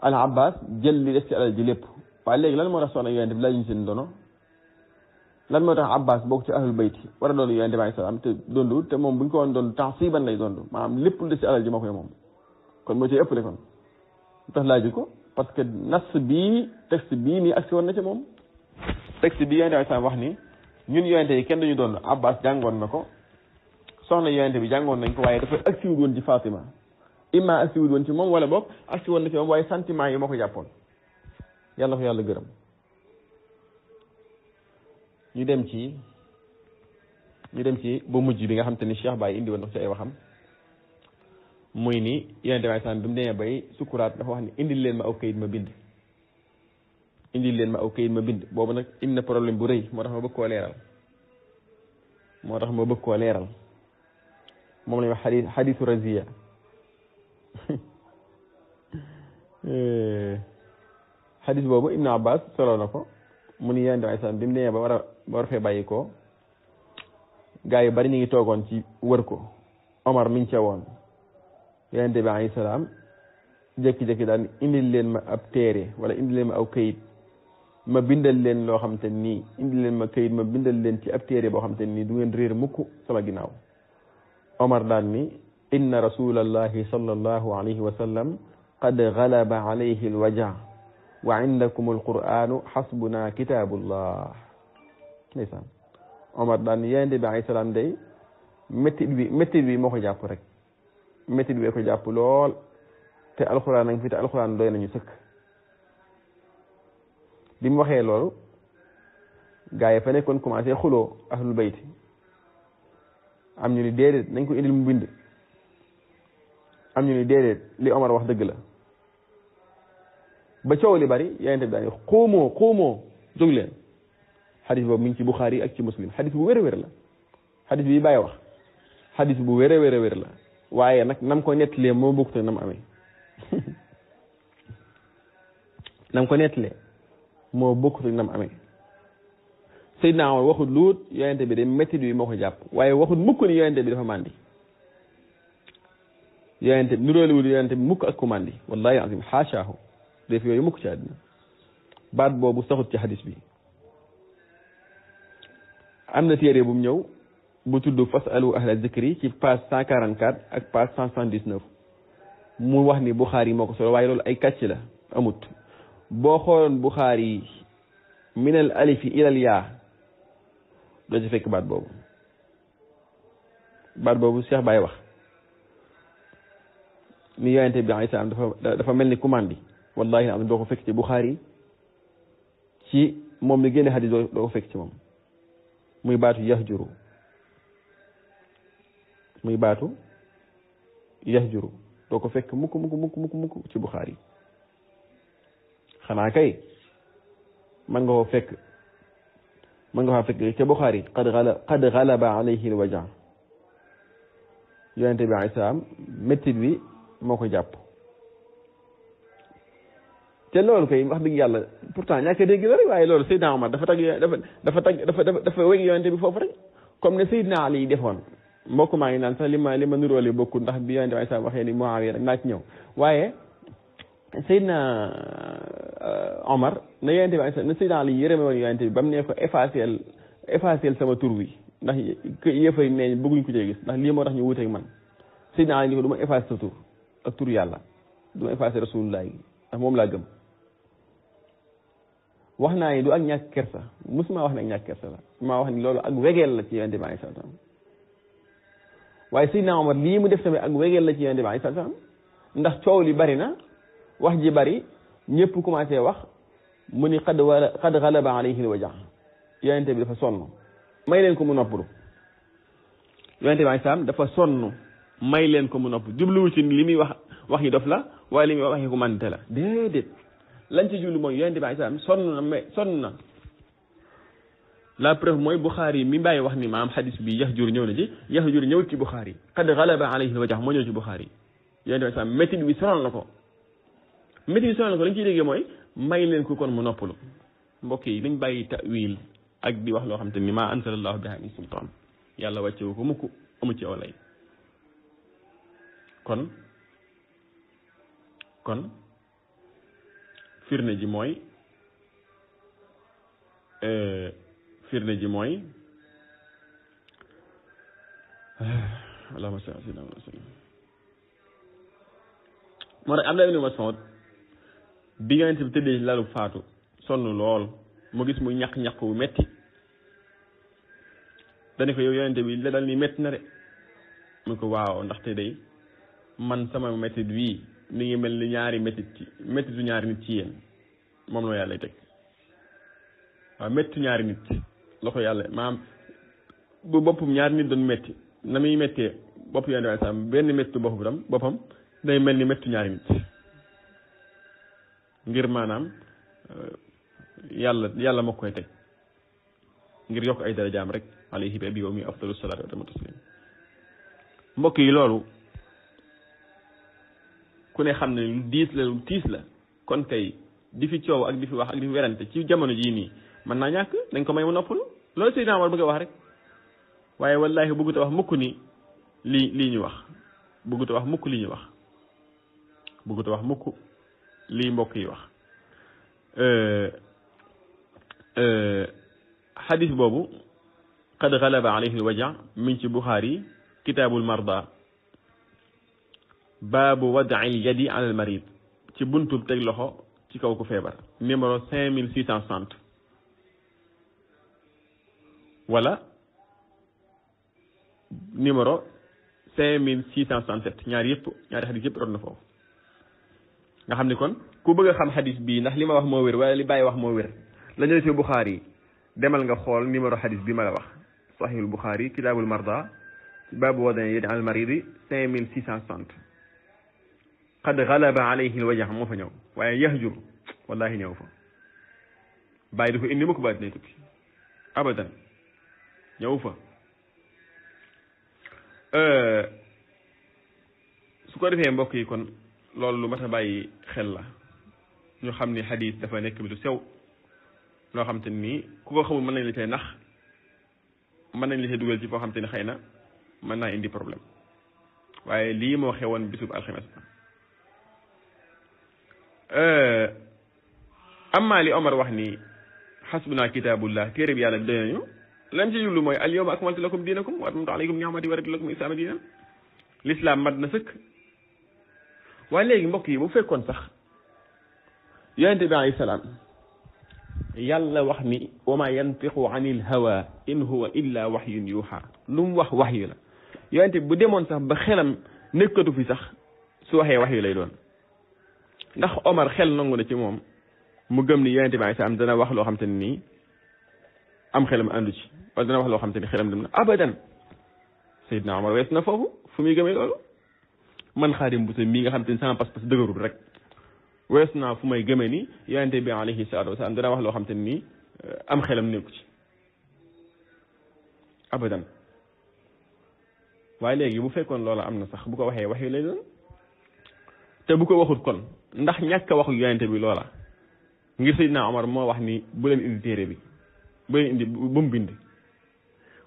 al abbas jël li des ci alal ji lépp waaye léegi lan moo tax soxna yonent bi laajuñ seen ndono lan moo tax abbas bokk ci ahlul bayti a doon yonent bi dondu te moom buñ ko woon doon tax siiban lay dondu maanaam lépp lu des ci alal ji moo koy moom kon moo ci ëpp kon lu tax laaju ko parce que nas bii texte bii nii agsi woon na ci moom texte bii yonente bi wax ni ñun yonente yi kenn dañu doon abbas jàngoon na ko soxna yonente bi jàngoon nañ ko waaye dafa agsi wut woon ci Fatima imma agsi wut woon ci moom wala boog agsi woon na ci moom waaye sentiment yi ko jàppoon yàlla ko yàlla gërëm ñu dem ci ñu dem ci ba mujj bi nga xam te ni Cheikh Baye indi woon na ay waxam muy ni yonente bi salaam bi mu demee dafa wax ne indil leen ma aw kayit ma bind indil leen ma aw kayit ma bind boobu nag indi na problème bu rëy moo tax ma bëgg ko leeral moo tax ma bëgg koo leeral moom la ñu wax xadis xadisu raziya xadis boobu ibnu abbas solo na ko mu ni yonente bi salaam bi mu demee ba war a ba war fee bàyyi ko gaa yi bari ñu ngi toogoon ci wër ko omar miñ ca woon yonent bi alayhi salaam jékki-jékki daan indil leen ma ab téré wala indil leen ma aw kayit ma bindal leen lo xamanteni te indil leen ma kayit ma bindal leen ci ab téré bo xamanteni du ngeen réer mukk sama ginaaw Omar daan ni inna rasulallahi sallallahu alayhi wa sallam qad galaba alayhi alwaja wa indakum alquranu xasbuna kitabullah ndeysaan Omar daan ni yonent bi alayhi salaam day méttit bi méttit bi moo jàpp rek métit wee ko jàpp lool te alxuraan nag fi te alxuraan doy nañu sëkk bi mu waxee loolu gaa yi fa nekkoon commencé xuloo ahlul bayt am ñu ni déedéet nañ ko indil mu bind am ñu ni déedéet li Omar wax dëgg la ba coow li bari yonent bi daan xuumoo xuumoo jóg leen xadis boobu mi ngi ci Buxaari ak ci Muslim xadis bu wér-wér la xadis bii Baay wax xadis bu wér-wér la waaye nag nam ko nettalee moo bokk te nam amee nam ko nettalee moo bokk nam amee Seydina Omar waxut luut yonente bi de métti bi moo ko jàpp waaye waxut mukk ni yonente bi dafa màndi yonente bi nuróoliwul yonente bi mukk ak ku màndi wallahi azim xaacaahu def yooyu mukk ci àddina baat boobu saxut ci hadis bi am na téere bu ñëw bu tudd fasalu ahla zikri ci page cent quarante quatre ak page cent soixante dix neuf mu wax ni Buxaari moo ko solo waaye loolu ay kàcc la amut boo xooloon Buxaari minal alifi ilal yaa doo ci fekk baat boobu baat boobu Cheikh Baye wax ni yonente bi alayhi dafa dafa mel ni commande wallahi am doo ko fekk ci Buxaari ci moom li génne xadis doo ko fekk ci moom muy baatu yahjuru muy baatu yahjuru doo ko fekk mukk mukk mukk mukk mukk ci Buxaari xanaa kay man nga koo fekk man nga koo fekk ca Buxaari qad ghalaba qad ghalaba alayhi al-wajaa yonente bi alayhi salaam méttit bi moo ko jàpp te loolu koy wax dëgg yàlla pourtant ñàkk a dégg la rek waaye loolu Seydina Omar dafa tag dafa dafa tag dafa dafa wéy yonente bi foofu rek comme ne Seydina yi defoon mbokk maa ngi naan sax li ma li ma nuróole bokkul ndax bi yonente bi saa waxee ni naa ci ñëw na yonente na Seydina Ali yërëme woon yonente bi ba mu ne ko effaceel tur wi bëgguñ ko cee gis lii moo tax ñu wuteeg man Seydina Ali ni ko du yàlla du ma effacé rasulullah laa gëm wax naa ni du ak ñàkk kersa mosuma wax ne ak ñàkk kersa la maa wax ni loolu ak wegeel la ci yonente bi sallallahu alayhi waaye Seydina Omar lii mu def tamit ak wégeel la ci yonent bi alayhi salaam ndax coow li bari na wax ji bari ñëpp commencé wax mu ni xad wala xad xalaba alayhi alwaja yonent bi dafa sonn may leen ko mu noppalu yonent bi dafa sonn may leen ko mu nopp jubluwu ci li muy wax wax yi dof la waaye li muy wax waxi ko mante la déedéet lañ ci jublu mooy yonent bi alayhi salaam sonn na may sonn na la preuve mooy Buxaari mi mbàyyi wax ni maam xadis bi Yahjur ñëw na ci Yahjur ñëw ci Buxaari qad galaba alayhi al-wajh moo ñëw ci Buxaari yéen tamit sax métit bi sonal na ko métit bi sonal ko li ñu ciy mooy may leen ko kon mu noppalu mbokk yi dañ bàyyi tawil ak di wax loo xam te ni maa anzalallahu bihi min sultaan yàlla wàccewu ko mukk amu ci aw kon kon firnde ji mooy euh, firnde ji mooy allahumma salli ala sayyidina Muhammad moo tax Abdullah ibn Mas'ud bi tëddee ci lalu faatu sonn lool mu gis muy ñaq-ñaq wu metti dane ko yow bi la dal ni metti na de mu ko waaw ndaxte day man sama mettit wii mi ngi mel ni ñaari mettit ci mettitu ñaari nit ci yéen moom la yàlla teg waaw mettitu ñaari nit loxo yàlla maanaam bu boppam ñaari nit doon metti na muy méttee bopp yonent bi alayhi benn méttu boppam tam boppam day mel ni méttu ñaari nit ngir maanaam euh, yàlla yàlla moo koy teg ngir yokk ay darajaam rek alayhi bi abi mi afdalu salaatu wa tamu mbokk yi loolu ku ne xam ne lu diis la lu tiis la kon tey di fi coow ak di fi wax ak di fi werante ci jamono jii nii mën naa ñàkk dañ ko may mu noppalu loolu Seydina Omar bëgg a wax rek waaye wallaahi bëggut a wax mukk ni lii lii ñu wax bëggut wax mukk lii ñu wax bëggut wax mukk lii mbokk yi wax euh, euh, xadis boobu qad galaba alayhi alwaja min ci buxaari kitaabul marda baabu wadaci alyadi ala almarid ci buntub teg loxo ci kaw ku feebar numéro cinq mille six cent soixante wala numéro 5667 ñaar yëpp ñaari hadith yëpp rot na foofu nga xam ni kon ku bëgg a xam hadith bii ndax li ma wax moo wér wala li bàyyi wax moo wér la ñëw ci Bukhari demal nga xool numéro hadith bi ma la wax sahihul Bukhari kitaabul marda baabu wadan yadi al maridi 5660 qad ghalaba alayhi al wajh mo fa ñëw waaye yahjur wallahi ñëw fa bàyyi du ko indi ma ko baat nay tukki abadan ñawufa su ko defee mbokk yi kon loolu lu mat a bàyyi xel la ñu xam ni xadis dafa nekk bi lu sew loo xam te ni ku ko xamul mën nañ la cay nax mën nañ la cay dugal ci foo xam te ni xëy na mën naa indi problème waaye lii moo xewoon bisub alxames ba amma li Omar wax ni xasbuna kitabullah téere bi yàlla doy nañu lan ci jublu mooy al yawma akmaltu lakum diinakum wa atmamtu alaykum ni'mati wa raditu lakum islaama diinan l'islam mat na sëkk waaye léegi mbokk yi bu fekkoon sax yonente bi alayhi salaam yàlla wax ni wa ma yantiqu anil hawa in huwa illa waxyun yuuxa lu mu wax wax yu la yonente bi bu demoon sax ba xelam nekkatu fi sax su waxee wax yu lay doon ndax Omar xel nangu na ci moom mu gëm ni yonente bi alayhi salaam dana wax loo xam te ne nii am xelam àndu ci wala dana wax loo xam te ni xelam dem na abadan Seydina Omar wees na foofu fu muy gëmee loolu man xaadim bu sa mii nga xam te ni sama pas-pas dëgërul rek wees naa fu may gëmee ni yonente bi alayhi salaatu wasalaam wax loo xam te eh, am xelam nekku ci abadan waaye léegi bu fekkoon loola am na sax bu ko waxee waxi lay te bu ko waxut kon ndax ñàkk waxu yonente bi loola ngir Seydina Omar moo wax ni bu leen indi téere bi bay indi ba mu bind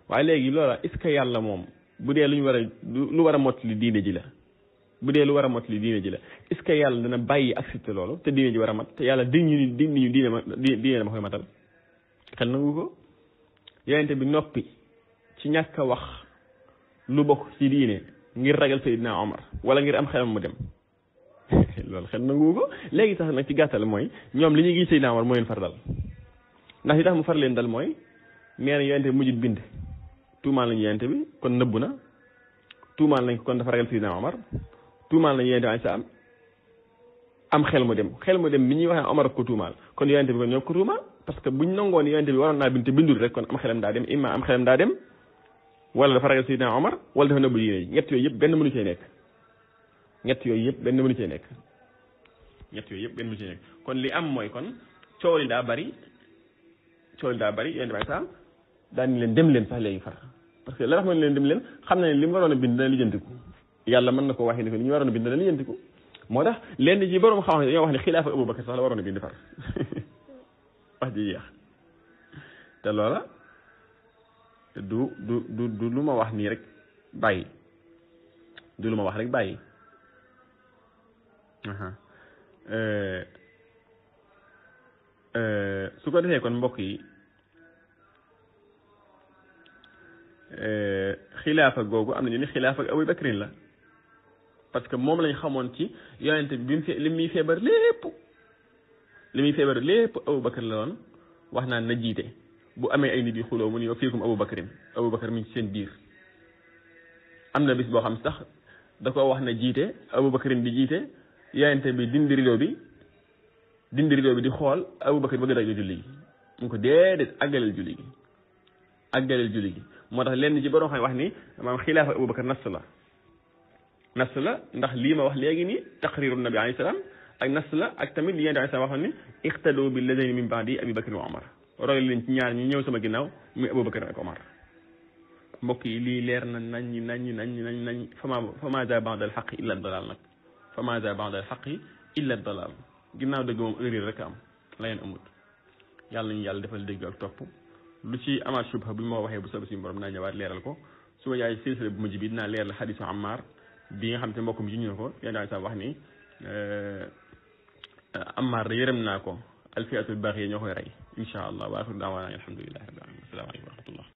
waaye léegi loola est-ce que yàlla moom bu dee lu war a lu war a mottali diine ji la bu dee lu war a li diine ji la est-ce que yàlla dana bàyyi accepté loolu te diine ji war a mat te yàlla dig ñu dig ñu diine ma diine dama koy matal xel nangu ko yonente bi noppi ci ñàkk wax lu bokk ci diine ngir ragal Seydina Omar wala ngir am xelam mu dem loolu xel nangu ko léegi sax nag ci gàttal mooy ñoom li ñu gis Seydina Omar moo leen fardal ndax li tax mu far leen dal mooy nee na yonente bi mujjut bind tuumaal nañu yonente bi kon nëbbu na tuumaal nañ ko kon dafa ragal Sidina Omar tuumaal nañu yonente bi am am xel mu dem xel mu dem bi ñuy waxee Omar ko tuumaal kon kon ñoo ko tuumaal parce nangoon yonente bi waroon naa bind te bindul rek kon am xelam daa dem imma am xelam daa dem wala dafa ragal Sidina Omar wala dafa nëbbu yi ñett yooyu yëpp benn mënu cee nekk ñett yooyu yëpp benn mënu cee nekk ñett yooyu yëpp benn mënu cee nekk kon li am mooy kon coow li daa bari cool daa bari yonent bi salaam daan leen dem leen sax léegi far parce que la tax mën leen dem leen xam na ne li mu waroon a bind dana lijjantiku yàlla mën na ko waxee ni ko li ñu waroon a bind dana lijjantiku moo tax lenn ji borom xam-xam dañoo wax ne xilaafa Abubakar sax la waroon a bind far wax ji jeex te loola du du du du lu ma wax nii rek bàyyi du lu ma wax rek bàyyi Eh, su ko defee kon mbokk yi eh, xilaafa googu am na ñu ne xilaafa Abu Bakrin la parce que moom lañ xamoon ci yonent bi mu li muy feebar lépp li muy feebar lépp Abu Bakr la woon wax naan na jiite bu amee ay nit yu xuloo mu ni wa fiikum Abu Bakrin Abu Bakr mi ci seen biir am na bis boo xam sax da ko wax na jiite Abu Bakrin di jiite yonent bi dindi bi dindi rido bi di xool abubakar bëgg dagg julli gi mu ko déedéet àggaleel julli gi àggaleel julli gi moo tax lenn ci borom xam wax ni maam xilaafa abubakar nas la nas la ndax lii ma wax léegi ni taqriru nabi alayhi salaam ak nas la ak tamit li yéen alayhi salaam waxoon ni iqtadoo bi ladayni min baadi abou bakrin wa omar roy leen ci ñaar ñi ñëw sama ginnaaw muy abou abubakar ak omar mbokk yi lii leer na nañ ñi nañ ñi nañ nañ nañ fama fama za ba'da al haqq illa dalal nag fama za ba'da al haqq illa dalal ginnaaw dëgg moom erreur rek am la ngeen amut yàlla nañu yàlla defal dégg ak topp lu ci amaat subha bu moo waxee bu soobee suñu borom naa ñëwaat leeral ko su ma yaay silsila bu mujj bi dinaa leeral xadisu Ammar bi nga xam te mbokkum ji ñu ko yéen daal sax wax ni euh, Ammar da yërëm naa ko alfiatul baax yi ñoo koy rey incha allah wa axiru daawaana alhamdulilahi rabbil alamin asalaamaaleykum wa rahmatullah